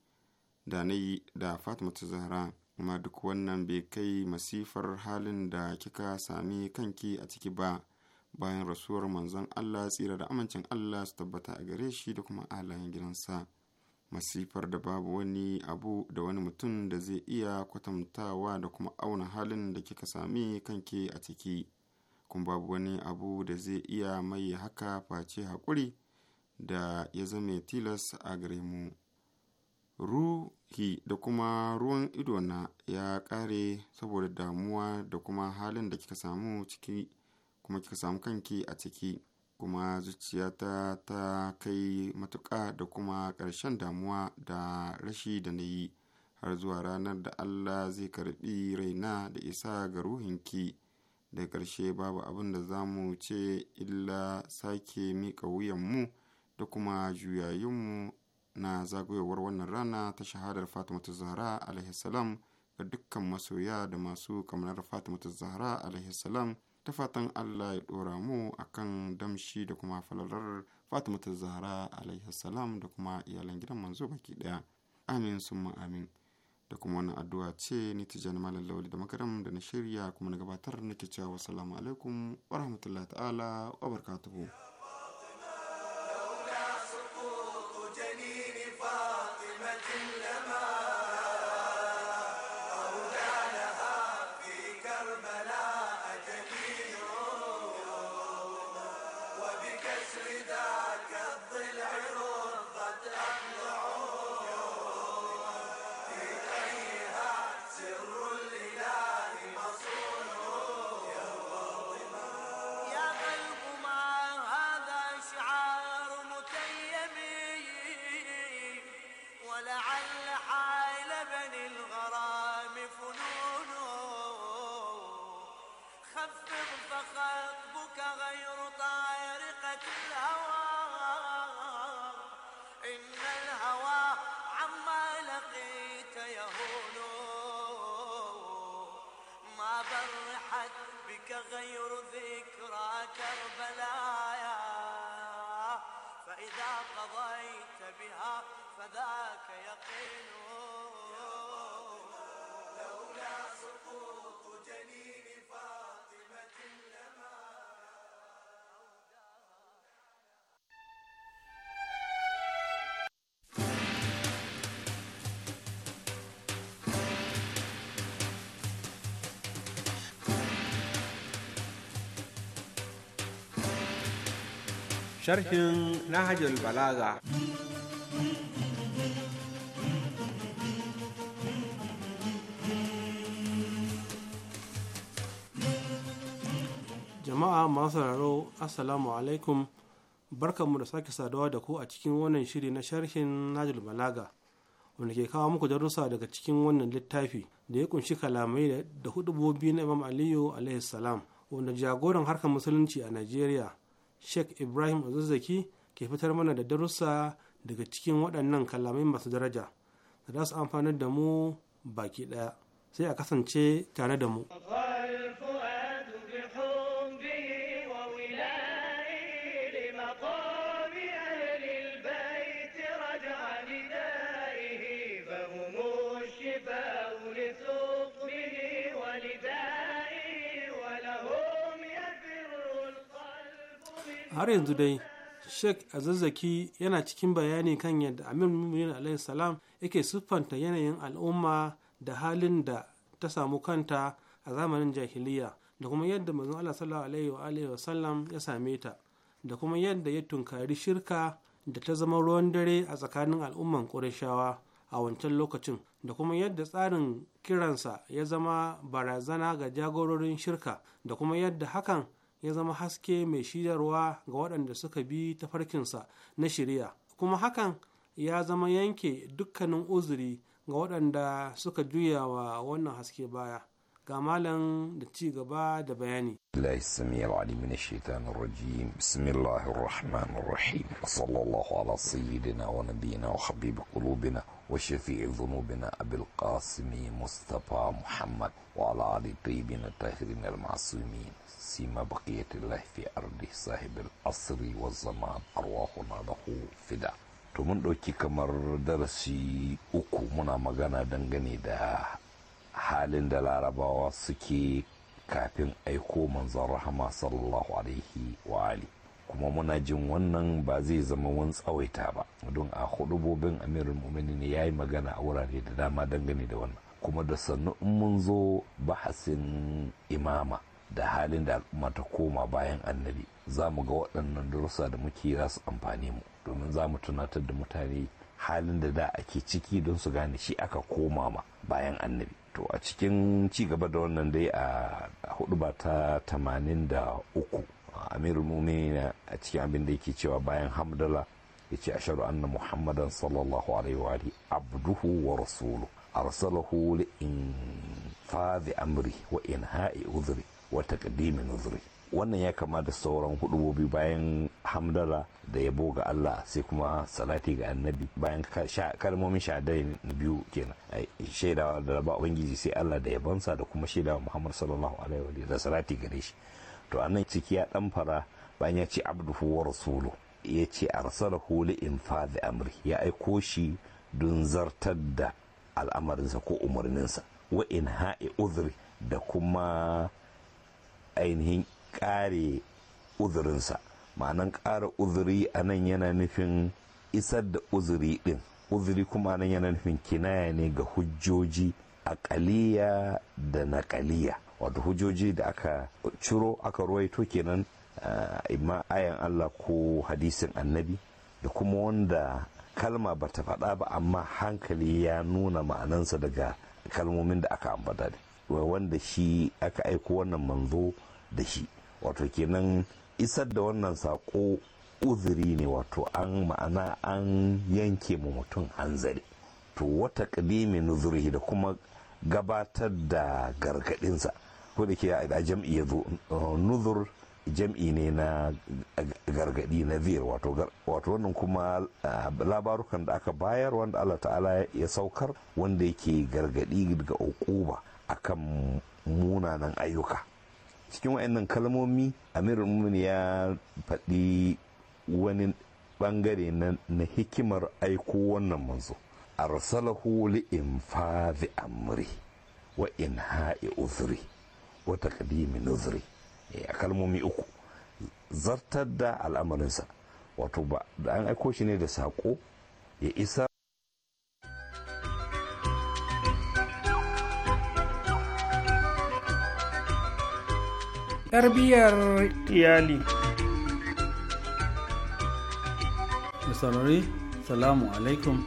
da na yi da fatimatu zahra amma duk wannan bai kai masifar halin da kika sami kanki a ciki ba bayan rasuwar manzon Allah tsira da amincin Allah su tabbata a gare shi da kuma alayen gidansa masifar da babu wani abu da wani mutum da zai iya kwatantawa da kuma auna halin da kika sami kanke a ciki kuma babu wani abu da zai iya mai haka face haƙuri da ya zame tilas a gare mu ruhi da kuma ruwan idona ya ƙare saboda damuwa da kuma halin da kika samu ciki kuma kika samu kanki a ciki kuma zuciyata ta kai matuƙa da kuma ƙarshen damuwa da rashi da na yi har zuwa ranar da Allah zai karbi raina da isa ga ruhinki da ƙarshe babu abin da za mu ce illa sake miƙa wuyanmu da kuma juyayinmu na zagayowar wannan rana ta shahadar fatimatu zahra alaihi salam ga dukkan masoya da masu kamar fatimatu zahra alaihi salam ta fatan Allah ya ɗora mu akan damshi da kuma falalar fatima ta Zahra alaihi salam da kuma iyalan gidan manzo baki ɗaya. Amin summa amin. Da kuma wani addu'a ce ni ta jani Malam Lawali da Makaram da na shirya kuma na gabatar ta cewa wasu alaikum wa rahmatullahi ta'ala wa barakatuhu. sharhin Nahajul Balaga. Jama'a masu raro Assalamu alaikum barkanmu da sake saduwa da ku a cikin wannan shiri na sharhin Nahajul Balaga. wanda ke kawo muku darussa daga cikin wannan littafi da ya kunshi kalamai da hudubobi na imam aliyu alaihi wanda jagoran harkar musulunci a najeriya sheikh ibrahim azazzaki ke fitar mana da darussa daga cikin waɗannan kalamai masu daraja da za su amfanar da mu baki ɗaya sai a kasance tare da mu. har yanzu dai sheikh azazzaki yana cikin bayani kan yadda amin mumin salam yake siffanta yanayin al'umma da halin da ta samu kanta a zamanin jahiliya da kuma yadda mazan Allah sallallahu alaihi wa sallam ya same ta da kuma yadda ya tunkari shirka da ta zama ruwan dare a tsakanin al'umman ƙurashawa a wancan lokacin da kuma yadda tsarin kiransa ya zama barazana ga jagororin shirka da kuma yadda hakan ya zama haske mai shidarwa ga waɗanda suka bi tafarkinsa na shirya kuma hakan ya zama yanke dukkanin uzuri ga waɗanda suka juya wa wannan haske baya ga malam da ci gaba da bayani lai sami al'adi mini shaitan rajim bismillahir rahmanir rahim sallallahu ala sayyidina wa nabiyina wa habib qulubina wa shafi'i dhunubina abul qasimi mustafa muhammad wa ala ali tahirin al ma'sumin سيما بقية الله في أرضه صاحب الأصري والزمان أرواحنا له فدا to mun ɗauki kamar darasi uku muna magana dangane da halin da larabawa suke kafin aiko manzon rahama sallallahu alaihi wa kuma muna jin wannan ba zai zama wani tsawaita ba don a bobin amirul mu'minin ya yi magana a wurare da dama dangane da wannan kuma da sannu mun zo bahasin imama da halin da al'umma ta koma bayan annabi za mu ga waɗannan darussa da muke za su amfane mu domin za mu tunatar da mutane halin da da ake ciki don su gane shi aka koma ma bayan annabi to a cikin ci gaba da wannan dai a hudu ba ta tamanin da uku amirul mumina a cikin abin da yake cewa bayan hamdala ya ce asharu anna muhammadan sallallahu alaihi wa abduhu wa rasulu arsalahu li in amri wa inha'i uzri wata taqdimi nuzuri wannan ya kama da sauran hudubobi bayan hamdala da yabo ga Allah sai kuma salati ga annabi bayan kalmomin shahadai biyu kenan shaidawa da raba ubangiji sai Allah da yabansa da kuma shaidawa Muhammad sallallahu alaihi wa da salati gare shi to a nan ciki ya dan fara bayan ya ce abduhu wa rasulu ya ce arsalahu li infadhi amri ya aiko shi don zartar da al'amarinsa ko umarninsa wa in ha'i uzuri da kuma ainihin kare uzurinsa ma'anan kare uzuri a nan yana nufin isar da uzuri din uzuri kuma nan yana nufin kinaya ne ga hujjoji aƙaliya da naƙaliya wato hujjoji da aka ciro aka ruwaito kenan eh, imma ayan Allah ko hadisin annabi da kuma wanda kalma ba ta faɗa ba amma hankali ya nuna ma'anansa daga kalmomin da aka ambata ne wanda shi aka aiko wannan manzo da shi wato kenan isar da wannan sako uzuri ne wato an ma'ana an yanke mu mutum hanzari to wata kadimi nuzuri da kuma gabatar da gargadinsa ko da ke a jam'i ya zo nuzur jam'i ne na gargadi na zir wato wannan kuma labarukan da aka bayar wanda Allah ta'ala ya saukar wanda yake gargadi ga ukuba akan munanan ayyuka cikin wa'annan kalmomi amirul mumin ya faɗi wani bangare na hikimar aiko wannan manzo arsalahu li infadhi amri wa in inha'i uzri wa taqdimi nuzri eh, a kalmomi uku zartar da al'amarinsa wato ba da an aiko shi ne da saƙo ya isa. tarbiyyar iyali saurari salamu alaikum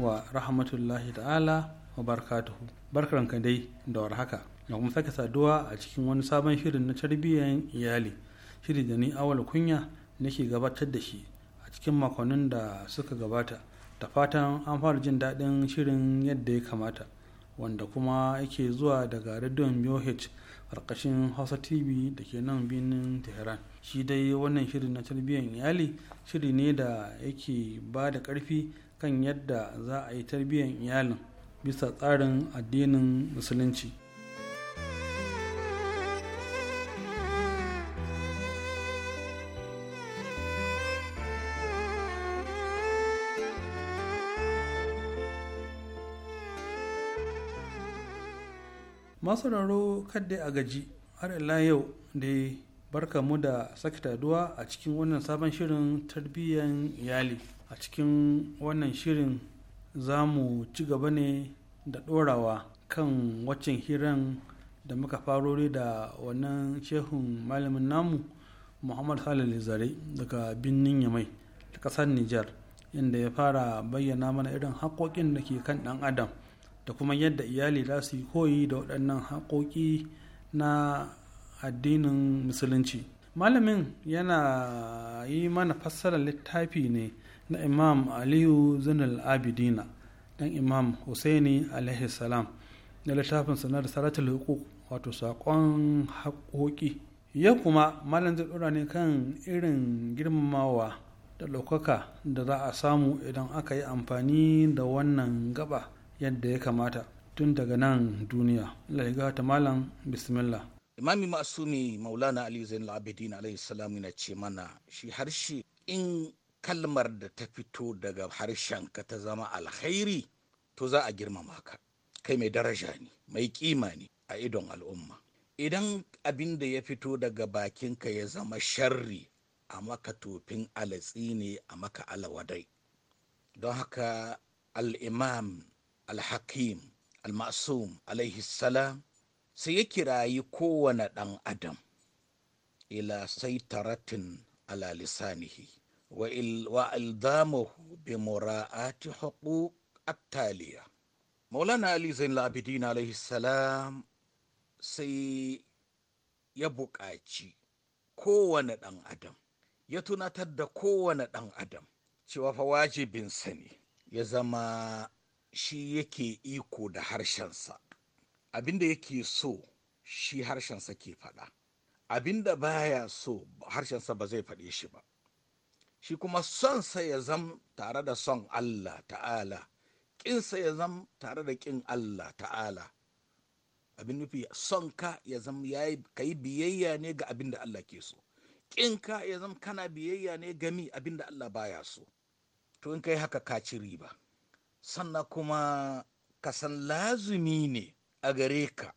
wa rahmatullahi ta'ala wa barkatuhu barkaranka dai da warhaka da kuma sake saduwa a cikin wani sabon shirin na tarbiyyar iyali shiri da ni awal kunya nake gabatar da shi a cikin makonnin da suka gabata da fatan an fara jin daɗin shirin yadda ya kamata wanda kuma yake zuwa daga rediyon BOH karkashin Hausa TV da ke nan birnin Tehran. Shi dai wannan shirin na tarbiyyar iyali shiri ne da yake ba da ƙarfi kan yadda za a yi tarbiyyar iyalin bisa tsarin addinin musulunci. masu raro kadda a gaji har ila yau da barka mu da sake taduwa a cikin wannan sabon shirin tarbiyyar iyali a cikin wannan shirin za mu ci gaba ne da ɗorawa kan waccan hiran da muka faro da wannan shehun malamin namu muhammad halil zare daga birnin yamai ta ƙasar nijar inda ya fara bayyana mana irin haƙoƙin da ke kan ɗan adam da kuma yadda iyali za su yi koyi da waɗannan haƙoƙi na addinin musulunci malamin yana yi mana fassarar littafi ne na imam aliyu zunul abidina dan imam husaini alaihi salam na littafin sanar da saratul hukuk wato saƙon haƙoƙi ya kuma malam zai ɗora ne kan irin girmamawa da ɗaukaka da za a samu idan aka yi amfani da wannan gaba yadda ya kamata tun daga nan duniya laiga ta malam bismillah imami masumi maulana ali zainul abidin alayhi salam yana ce mana shi harshe in kalmar da ta fito daga harshen ka ta zama alkhairi to za a girmama ka kai mai daraja ne mai kima ne a idon al'umma idan abin da ya fito daga bakinka ya zama sharri a maka tofin alatsi ne a maka alawadai don haka al'imam alhakim almasum salam sai ya kirayi kowane ɗan adam ila taratin ala lisanihi wa aldamahu bi mura'ati huquq attaliya maulana ali zain labidin alaihi salam sai ya buƙaci kowane ɗan adam ya tunatar da kowane ɗan adam cewa fa wajibinsa ne ya zama shi yake iko da harshensa abinda yake so shi harshensa ke faɗa abinda baya so harshensa ba zai faɗe shi ba shi kuma sonsa ya zam tare da son Allah ta'ala ƙinsa ya zam tare da ƙin Allah ta'ala abin nufi son ka ya zam ka yi biyayya ne ga abin da Allah ke so ƙinka ya zam kana biyayya ne ga abin da Allah baya so to in kai haka ka ci riba sannan kuma ka san lazumi ne a gare ka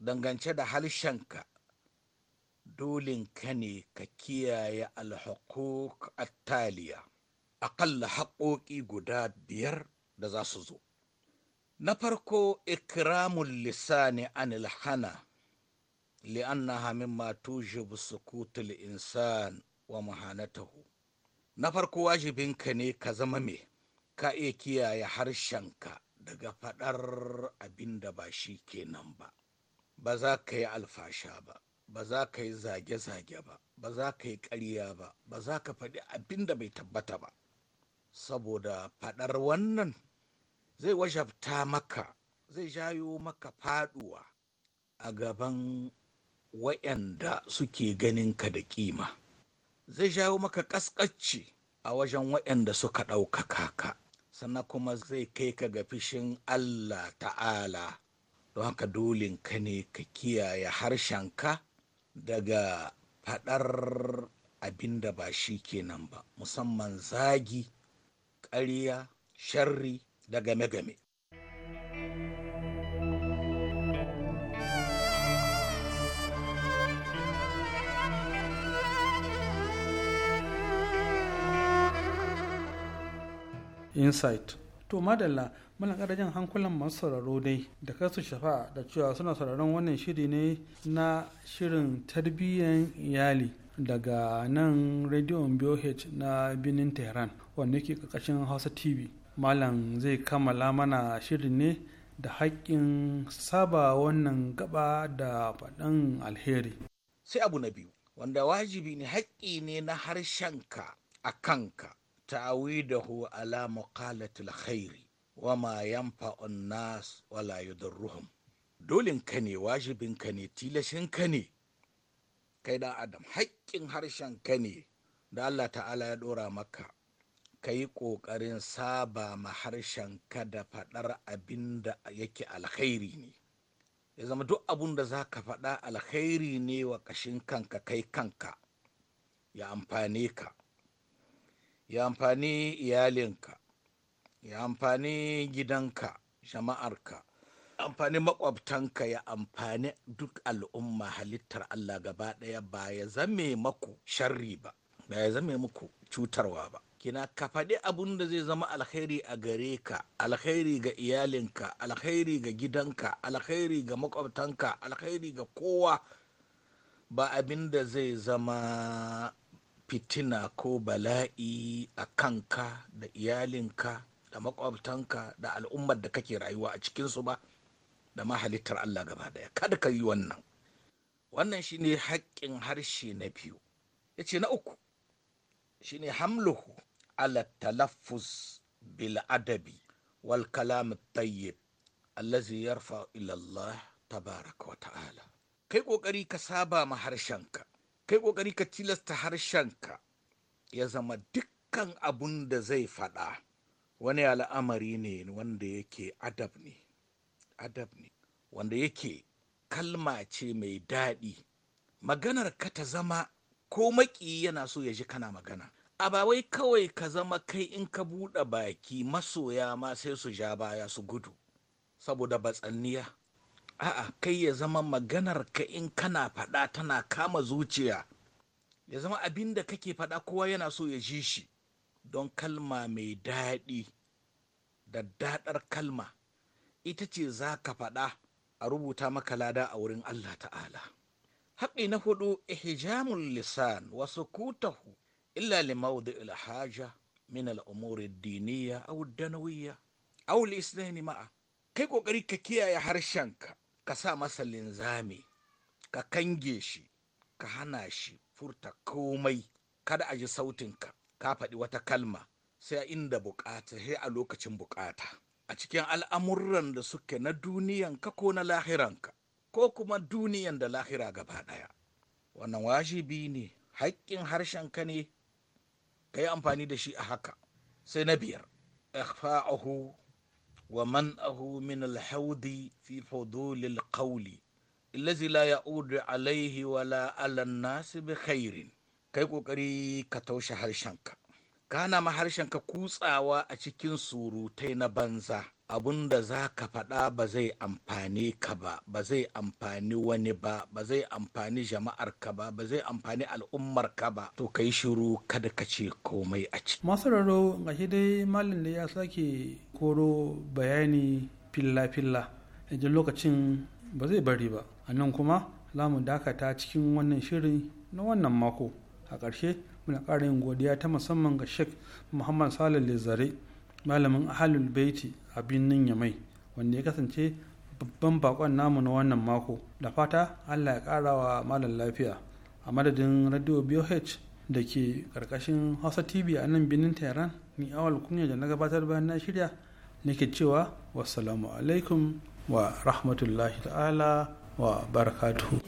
dangance da halshenka dolinka ne ka kiyaye alhukuk attaliya aƙalla haƙoƙi guda biyar da za su zo na farko ikramun lisani anil hana hamin matu jibu sukutul insan wa mahanatahu na farko wajibinka ne ka zama mai. ka iya kiyaye harshenka daga faɗar abin da ba shi kenan ba ba za ka yi alfasha ba ba za ka yi zage-zage ba ba za ka yi ƙarya ba ba za ka faɗi abin da bai tabbata ba saboda faɗar wannan zai wajabta maka zai jayo maka faɗuwa a gaban wa'yanda suke ganin ka da kima zai jayo maka ƙasƙacci a wajen wa'yanda suka ɗaukaka ka sannan kuma zai kai ka ga fishin Allah ta'ala don haka dolinka ne ka kiyaye harshen ka daga faɗar abin da ba shi kenan ba musamman zagi ƙarya sharri daga game-game insight to madalla muna kada jan hankulan masu sauraro dai da kasu shafa da cewa suna sauraron wannan shiri ne na shirin tarbiyyar iyali daga nan rediyon BOH na birnin tehran wanda ke ƙarƙashin hausa tv malam zai kammala mana shirin ne da haƙƙin saba wannan gaba da faɗin alheri sai abu na biyu wanda wajibi ne haƙƙi ne na harshenka a kanka ta'widahu ala muqalatil khairi wa ma yanfa'un nas la yudurruhum dolin ka ne wajibin ka ne tilashin ka ne kai da adam haƙƙin harshen ka ne da Allah ta'ala ya ɗora maka kai kokarin saba ma harshen ka da faɗar abinda yake alkhairi ne ya zama duk abun da za ka faɗa alkhairi ne wa kashin kanka kai kanka ya amfane ka ya amfani iyalinka ya amfani gidanka jama'arka amfani makwabtanka ya amfani duk al'umma halittar Allah gaba ɗaya ba ya zame maku sharri ba ba ya zame muku cutarwa ba kina ka faɗi abun da zai zama alkhairi a gare ka alkhairi ga iyalinka alkhairi ga gidanka alkhairi ga makwabtanka alkhairi ga kowa ba abin da zai zama fitina ko bala'i a kanka da iyalinka da makwabtanka da al'ummar da kake rayuwa a cikinsu ba da ma Allah gaba daya kada ka yi wannan wannan shine haƙƙin harshe na biyu ya ce na uku shine hamluhu ala talaffuz bil adabi wal kalam tayyib allazi yarfa ila Allah tabaraka wa ta'ala kai kokari ka saba ma harshenka kai kokari ka tilasta harshenka ya zama dukkan abun da zai faɗa wani al'amari ne wanda yake adab ne adab ne wanda yake kalma ce mai daɗi maganar ka ta zama ko maƙiyi yana so ya ji kana magana a ba wai kawai ka zama kai in ka buɗe baki masoya ma sai su ja baya su gudu saboda batsanniya a'a kai ya zama maganar ka in kana faɗa tana kama zuciya ya zama abin da kake faɗa kowa yana so ya ji shi don kalma mai daɗi da daɗar kalma ita ce za ka faɗa a rubuta maka lada a wurin Allah ta'ala haƙi na hudu ihjamul lisan wa sukutahu illa li al haja min al'umuri diniyya aw danawiyya aw al ma'a kai kokari ka kiyaye harshenka ka sa masa linzami ka kange shi ka hana shi furta komai kada a ji sautinka ka faɗi wata kalma sai a inda bukata sai a lokacin bukata a cikin al'amuran da suke na duniyan ka ko na lahiranka ko kuma duniyan da lahira gaba ɗaya wannan wajibi ne haƙƙin ka ne ka yi amfani da shi a haka sai na biyar ikhfa'ahu ومنأه من الحوض في فضول القول الذي لا يؤود عليه ولا على الناس بخير كي كوكري كتوش هرشنك كان ما هرشنك كوسا وأشكين سورو تينا بنزا abun da za ka faɗa ba zai amfani ka ba ba zai amfani wani ba ba zai amfani jama'ar ka ba ba zai amfani al'ummar ka ba to ka yi shiru kada ka ce komai a ciki. masu raro shi dai malin da ya sake koro bayani filla-filla yanzu lokacin ba zai bari ba a nan kuma za mu dakata cikin wannan shirin na wannan mako a ƙarshe muna ƙara yin godiya ta musamman ga Sheik muhammad salih lezare malamin ahalul baiti a birnin yamai wanda ya kasance babban bakon namu na wannan mako da fata allah ya kara wa malam lafiya a madadin radio boh da ke karkashin hausa tv a nan birnin tehran ni awal kunya da na gabatar bayan na shirya nake cewa wassalamu alaikum wa rahmatullahi ta'ala wa barakatuhu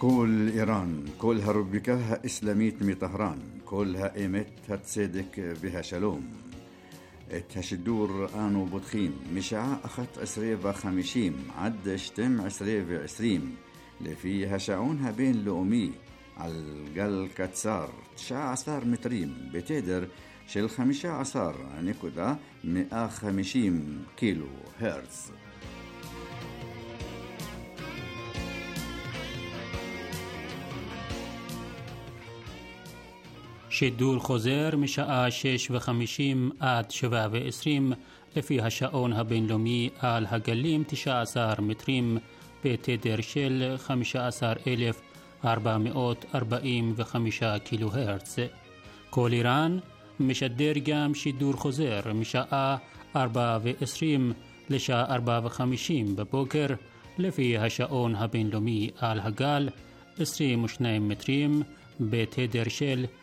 كل إيران كلها ربكها إسلاميت مي طهران كلها إيمت هتصدق بها شلوم الدور آنو بطخيم مشاع أخت عسرية وخمشيم عد شتم عسرية وعسريم لفي هشعونها بين لؤمي على الجل كتسار تشاع عصار متريم بتدر عصار نكودا مئة خمشيم كيلو هرتز שידור חוזר משעה 6 ו עד 7 לפי השעון הבינלאומי על הגלים 19 מטרים בתדר של 15,445 קילו הרץ. כל איראן משדר גם שידור חוזר משעה 4 לשעה 4 בבוקר לפי השעון הבינלאומי על הגל 22 מטרים בתדר של 15,445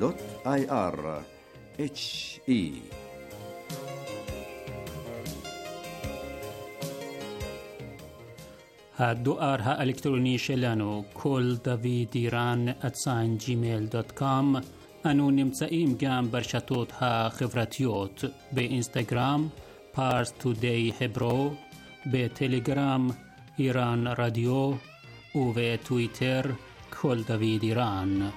www.ir he دو آر ها کل دوید ایران ات ساین جیمیل دوت کام انو نمتا گم گام برشتوت ها خفرتیوت به انستگرام پارس تو دی هبرو به تلگرام ایران رادیو و به تویتر کل دوید ایران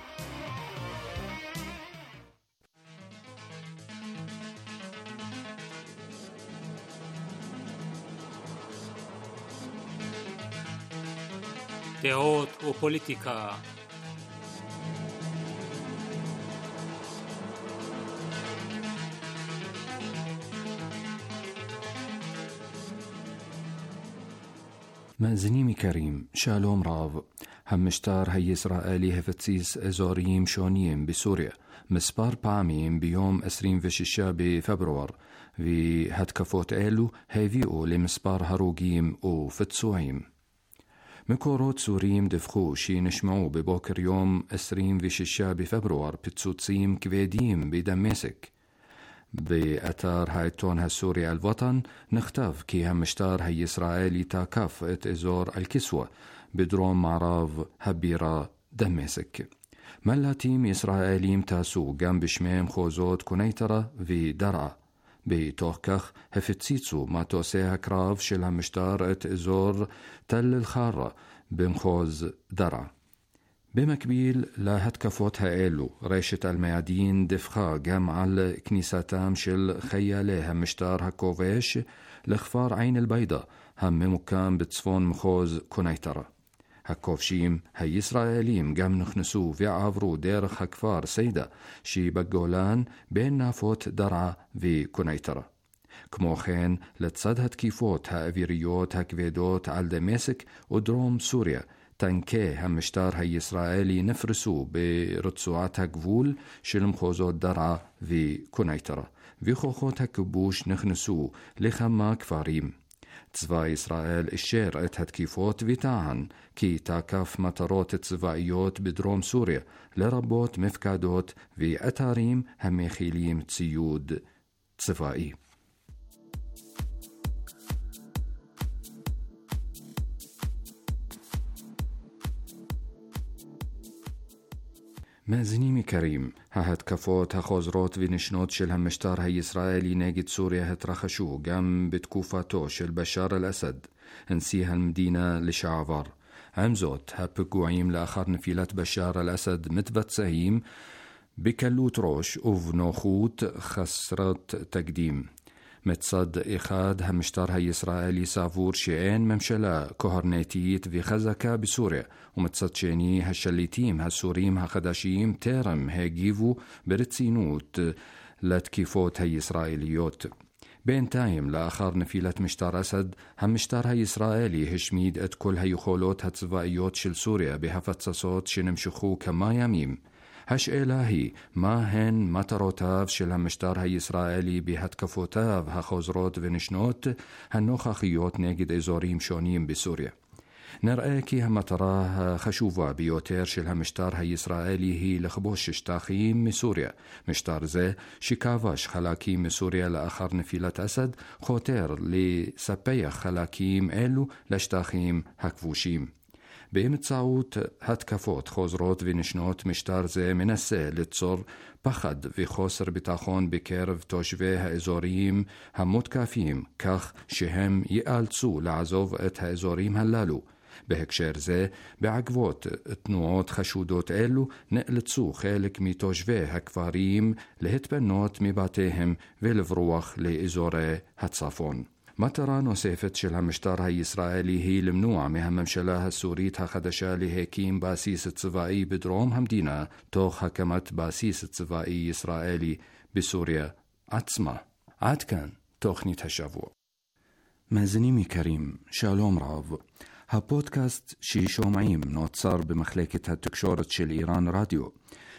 דעות ופוליטיקה. مأزنيمي كريم شالوم راف همشتار هيس رائلي هفتسيس ازوريم شونيم بسوريا مسبار باميم بيوم اسرين فيشيشا بفبروار في هتكفوت إلو هيفيو لمسبار هروجيم وفتسويم مكورو تسوريم دفخو شي نشمعو ببوكر يوم اسريم في ششا بفبروار بتسوتسيم كفيديم بدمسك بأتار هايتون هالسوري الوطن نختف كي همشتار هي إسرائيلي تاكف ات ازور الكسوة بدروم معراف هبيرة دمسك ملا تيم إسرائيليم تاسو جنب شميم خوزوت كونيترا في درعه בתוך כך הפציצו מטוסי הקרב של המשטר את אזור תל אל-חרא במחוז דרעה. במקביל להתקפות האלו, רשת אל-מיאדין דיווחה גם על כניסתם של חיילי המשטר הכובש לכפר עין אל-ביידה, הממוקם בצפון מחוז קונייטרה. هكوفشيم هي إسرائيليم قام نخنسو في عافرو ديرخ هكفار سيدة شي بقولان بين نافوت درعة في كونيترة كموخين لتصدهت كيفوت ها افيريوت هك فيدوت على دمشق ودروم سوريا تنكي همشتار هي إسرائيلي نفرسو برتسوعات هكفول شلم خوزو درعة في كونيترة في خوخوت هكبوش نخنسو لخما كفاريم צבא ישראל אישר את התקיפות וטען כי תקף מטרות צבאיות בדרום סוריה, לרבות מפקדות ואתרים המכילים ציוד צבאי. מאזינים יקרים, ههت كفوت هخوزروت فينشنوت شل همشتار هي إسرائيلي ناجد سوريا هترخشو قام بتكوفاتوش البشار الأسد انسيها المدينة لشعفر عمزوت هبقوعيم لآخر نفيلات بشار الأسد متبت سهيم بكلوت روش أوف نوخوت خسرت تقديم מצד אחד המשטר הישראלי סבור שאין ממשלה קוהרנטית וחזקה בסוריה, ומצד שני השליטים הסורים החדשים טרם הגיבו ברצינות לתקיפות הישראליות. בינתיים, לאחר נפילת משטר אסד, המשטר הישראלי השמיד את כל היכולות הצבאיות של סוריה בהפצצות שנמשכו כמה ימים, השאלה היא, מהן מטרותיו של המשטר הישראלי בהתקפותיו החוזרות ונשנות הנוכחיות נגד אזורים שונים בסוריה? נראה כי המטרה החשובה ביותר של המשטר הישראלי היא לכבוש שטחים מסוריה. משטר זה, שכבש חלקים מסוריה לאחר נפילת אסד, חותר לספח חלקים אלו לשטחים הכבושים. באמצעות התקפות חוזרות ונשנות משטר זה מנסה ליצור פחד וחוסר ביטחון בקרב תושבי האזורים המותקפים, כך שהם ייאלצו לעזוב את האזורים הללו. בהקשר זה, בעקבות תנועות חשודות אלו, נאלצו חלק מתושבי הכפרים להתפנות מבתיהם ולברוח לאזורי הצפון. מטרה נוספת של המשטר הישראלי היא למנוע מהממשלה הסורית החדשה להקים בסיס צבאי בדרום המדינה, תוך הקמת בסיס צבאי ישראלי בסוריה עצמה. עד כאן תוכנית השבוע. מאזינים יקרים, שלום רב. הפודקאסט ששומעים נוצר במחלקת התקשורת של איראן רדיו.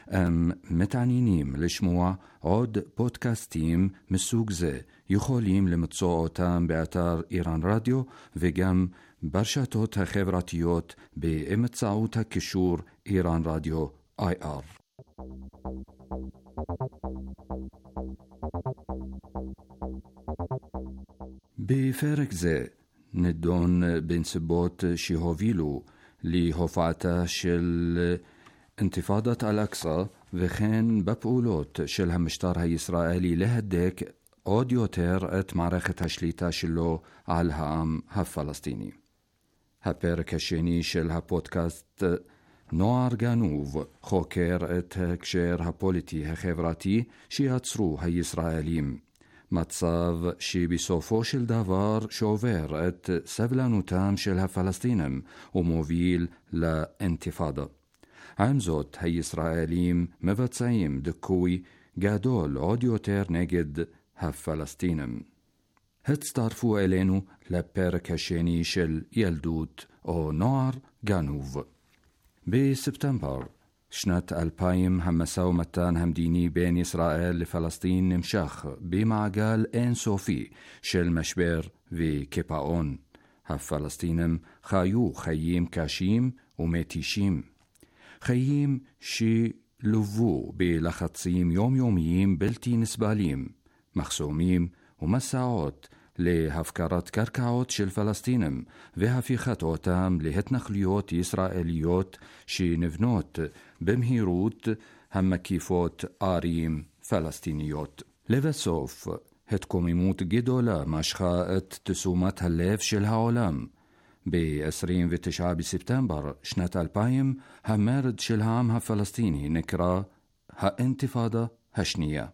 הם מתעניינים לשמוע עוד פודקאסטים מסוג זה. יכולים למצוא אותם באתר איראן רדיו וגם ברשתות החברתיות באמצעות הקישור איראן רדיו IR. בפרק זה נדון בנסיבות שהובילו להופעתה של אינתיפאדת אל-אקצא וכן בפעולות של המשטר הישראלי להדק עוד יותר את מערכת השליטה שלו על העם הפלסטיני. הפרק השני של הפודקאסט נוער גנוב חוקר את ההקשר הפוליטי החברתי שיצרו הישראלים. מצב שבסופו של דבר שובר את סבלנותם של הפלסטינים ומוביל לאינתיפאדה. עם זאת, הישראלים מבצעים דיכוי גדול עוד יותר נגד הפלסטינים. הצטרפו אלינו לפרק השני של ילדות או נוער גנוב. בספטמבר שנת 2000 המשא ומתן המדיני בין ישראל לפלסטין נמשך במעגל אינסופי של משבר וקיפאון. הפלסטינים חיו חיים קשים ומתישים. חיים שלוו בלחצים יומיומיים בלתי נסבלים. مخصوميم وما ساعات لي هفكرت كركعوت شل فلسطينم فيها في خط اوتام لهت نخليوت اسرائيليوت شي نفنوت بمهيروت هم كيفوت اريم فلسطينيوت لفسوف هت كوميموت جدولا مشخاة تسومات هالليف شل هاولام ب 29 سبتمبر سنة 2000 هم مارد شل هام ها فلسطيني نكرا ها انتفاضة هشنية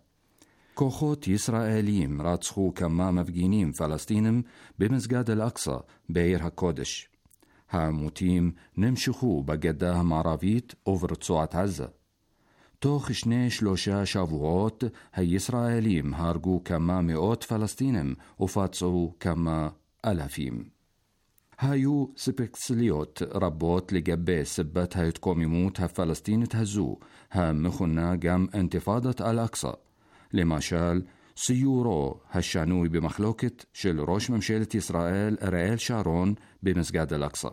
כוחות ישראליים רצחו כמה מפגינים פלסטינים במסגד אל-אקצא בעיר הקודש. העימותים נמשכו בגדה המערבית וברצועת עזה. תוך שני-שלושה שבועות הישראלים הרגו כמה מאות פלסטינים ופצעו כמה אלפים. היו ספקסליות רבות לגבי סיבת ההתקוממות הפלסטינית הזו, המכונה גם אינתיפאדת אל-אקצא. למשל, סיורו השנוי במחלוקת של ראש ממשלת ישראל אריאל שרון במסגד אל-אקצא.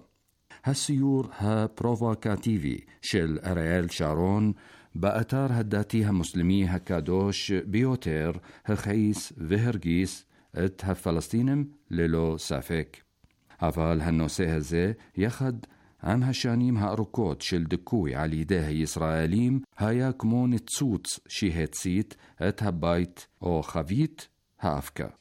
הסיור הפרובוקטיבי של אריאל שרון באתר הדתי המוסלמי הקדוש ביותר הכעיס והרגיס את הפלסטינים ללא ספק. אבל הנושא הזה, יחד ام هشانيم هاروكوت شل دكوي على ده إسرائيليم هياك مون تسوتس سيت ات هبايت او خفيت هافكا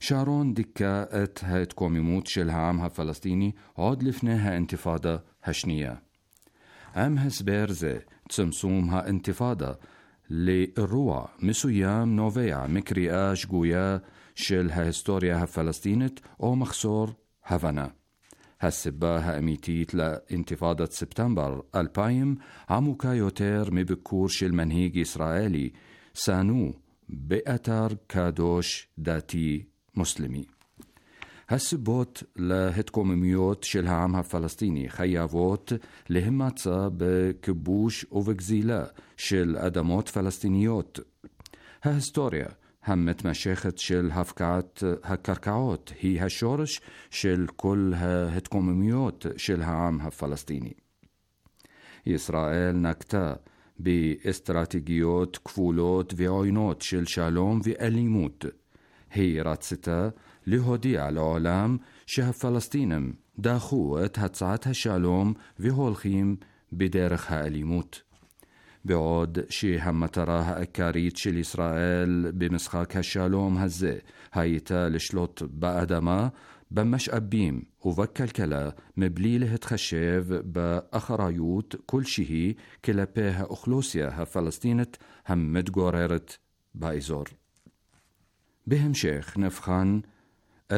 شارون دكا ات هات كوميموت شل ها فلسطيني عود لفناها انتفاضة هشنية ام تسمسوم ها انتفاضة لروع مسويام نوفيع مكرياش جويا של ההיסטוריה הפלסטינית או מחסור הבנה. הסיבה האמיתית לאינתיפאדת ספטמבר 2000 עמוקה יותר מביקור של מנהיג ישראלי, סאנו, באתר קדוש דתי מוסלמי. הסיבות להתקוממויות של העם הפלסטיני חייבות להימצא בכיבוש ובגזילה של אדמות פלסטיניות. ההיסטוריה המתמשכת של הפקעת הקרקעות היא השורש של כל ההתקוממויות של העם הפלסטיני. ישראל נקטה באסטרטגיות כפולות ועוינות של שלום ואלימות. היא רצתה להודיע לעולם שהפלסטינים דחו את הצעת השלום והולכים בדרך האלימות. بعد شي هم تراه أكاريتش لإسرائيل بمسخاك هشالوم هزي هايتا لشلوت بأدما بمش أبيم كلا الكلا مبليله تخشيف بأخرايوت كل شيء بيها أخلوسيا فلسطينت هم جوريرت بايزور بهم شيخ نفخان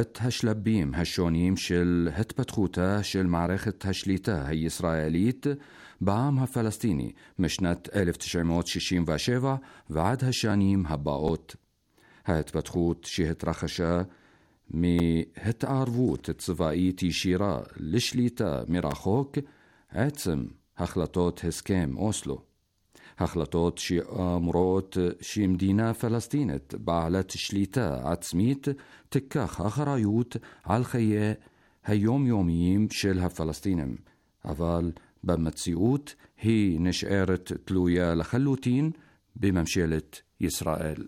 את השלבים השונים של התפתחותה של מערכת השליטה הישראלית בעם הפלסטיני משנת 1967 ועד השנים הבאות. ההתפתחות שהתרחשה מהתערבות צבאית ישירה לשליטה מרחוק, עצם החלטות הסכם אוסלו. החלטות שאמורות שמדינה פלסטינית בעלת שליטה עצמית תיקח אחריות על חיי היומיומיים של הפלסטינים, אבל במציאות היא נשארת תלויה לחלוטין בממשלת ישראל.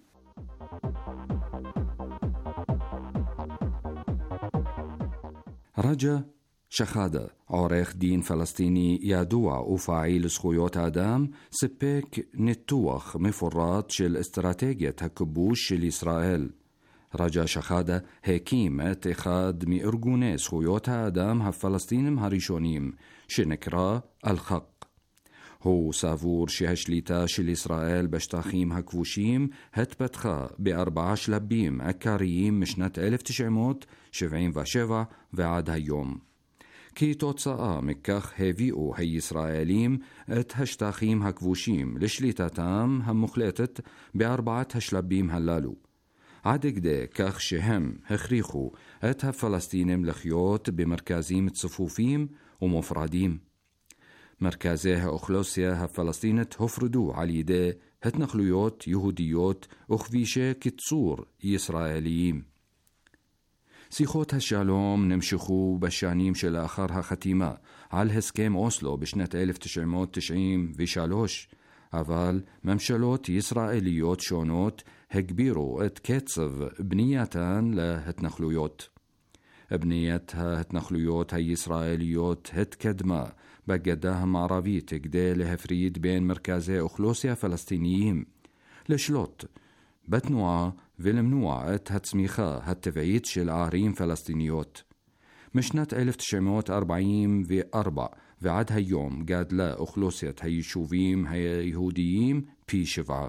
رجا شەخادە عريخ دين فلسطيني يادوع فاعیل سخۆیۆت آدم سبيك نتوخ مفرات شل استراتيجية هەکبوو شل إسرائيل رجا شەخادە هێکیمە تێخادمی ئەرگونێ سخۆیۆتە ئادام هە فەلەستینم هەریشۆنیم شنکرا ئەلخەق هو سافور شهش ليتا شل إسرائيل بشتاخيم هكفوشيم هت بتخا بأربعاش لبيم أكاريم مشنة ألف تشعموت شبعين وشفا وعاد هيوم كي توتسا مكخ هيفي او هي اسرائيليم ات هشتاخيم هكفوشيم لشليتا تام هم مخلاتت باربعة هشلبيم هلالو عدك دي كخ شهم هخريخو ات فلسطينيم لخيوت بمركازيم تصفوفيم ومفراديم مركزيها أخلوسيا هفلسطينة هفردو علي ده هتنخلويوت يهوديوت أخفيشة كتصور إسرائيليين שיחות השלום נמשכו בשנים שלאחר החתימה על הסכם אוסלו בשנת 1993, אבל ממשלות ישראליות שונות הגבירו את קצב בנייתן להתנחלויות. בניית ההתנחלויות הישראליות התקדמה בגדה המערבית כדי להפריד בין מרכזי אוכלוסיה פלסטיניים, לשלוט בתנועה ולמנוע את הצמיחה הטבעית של ערים פלסטיניות. משנת 1944 ועד היום גדלה אוכלוסיית היישובים היהודיים פי שבעה.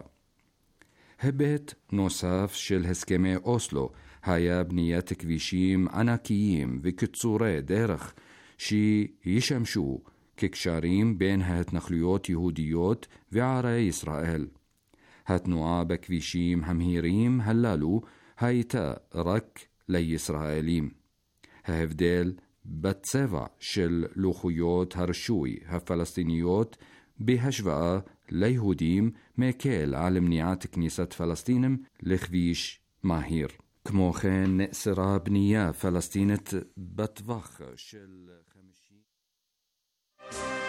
היבט נוסף של הסכמי אוסלו היה בניית כבישים ענקיים וקיצורי דרך שישמשו כקשרים בין ההתנחלויות יהודיות וערי ישראל. بك هاتنوا بكفيشيم هيريم هلالو هايتا رك لي إسرائيليم هفديل بتسيفا شل لوخيوت هرشوي هفلسطينيوت بهشفاء ليهوديم ميكيل على منيعات كنيسة فلسطين لخفيش ماهير كموخين نأسرا بنية فلسطينة بتفخ شل خمشي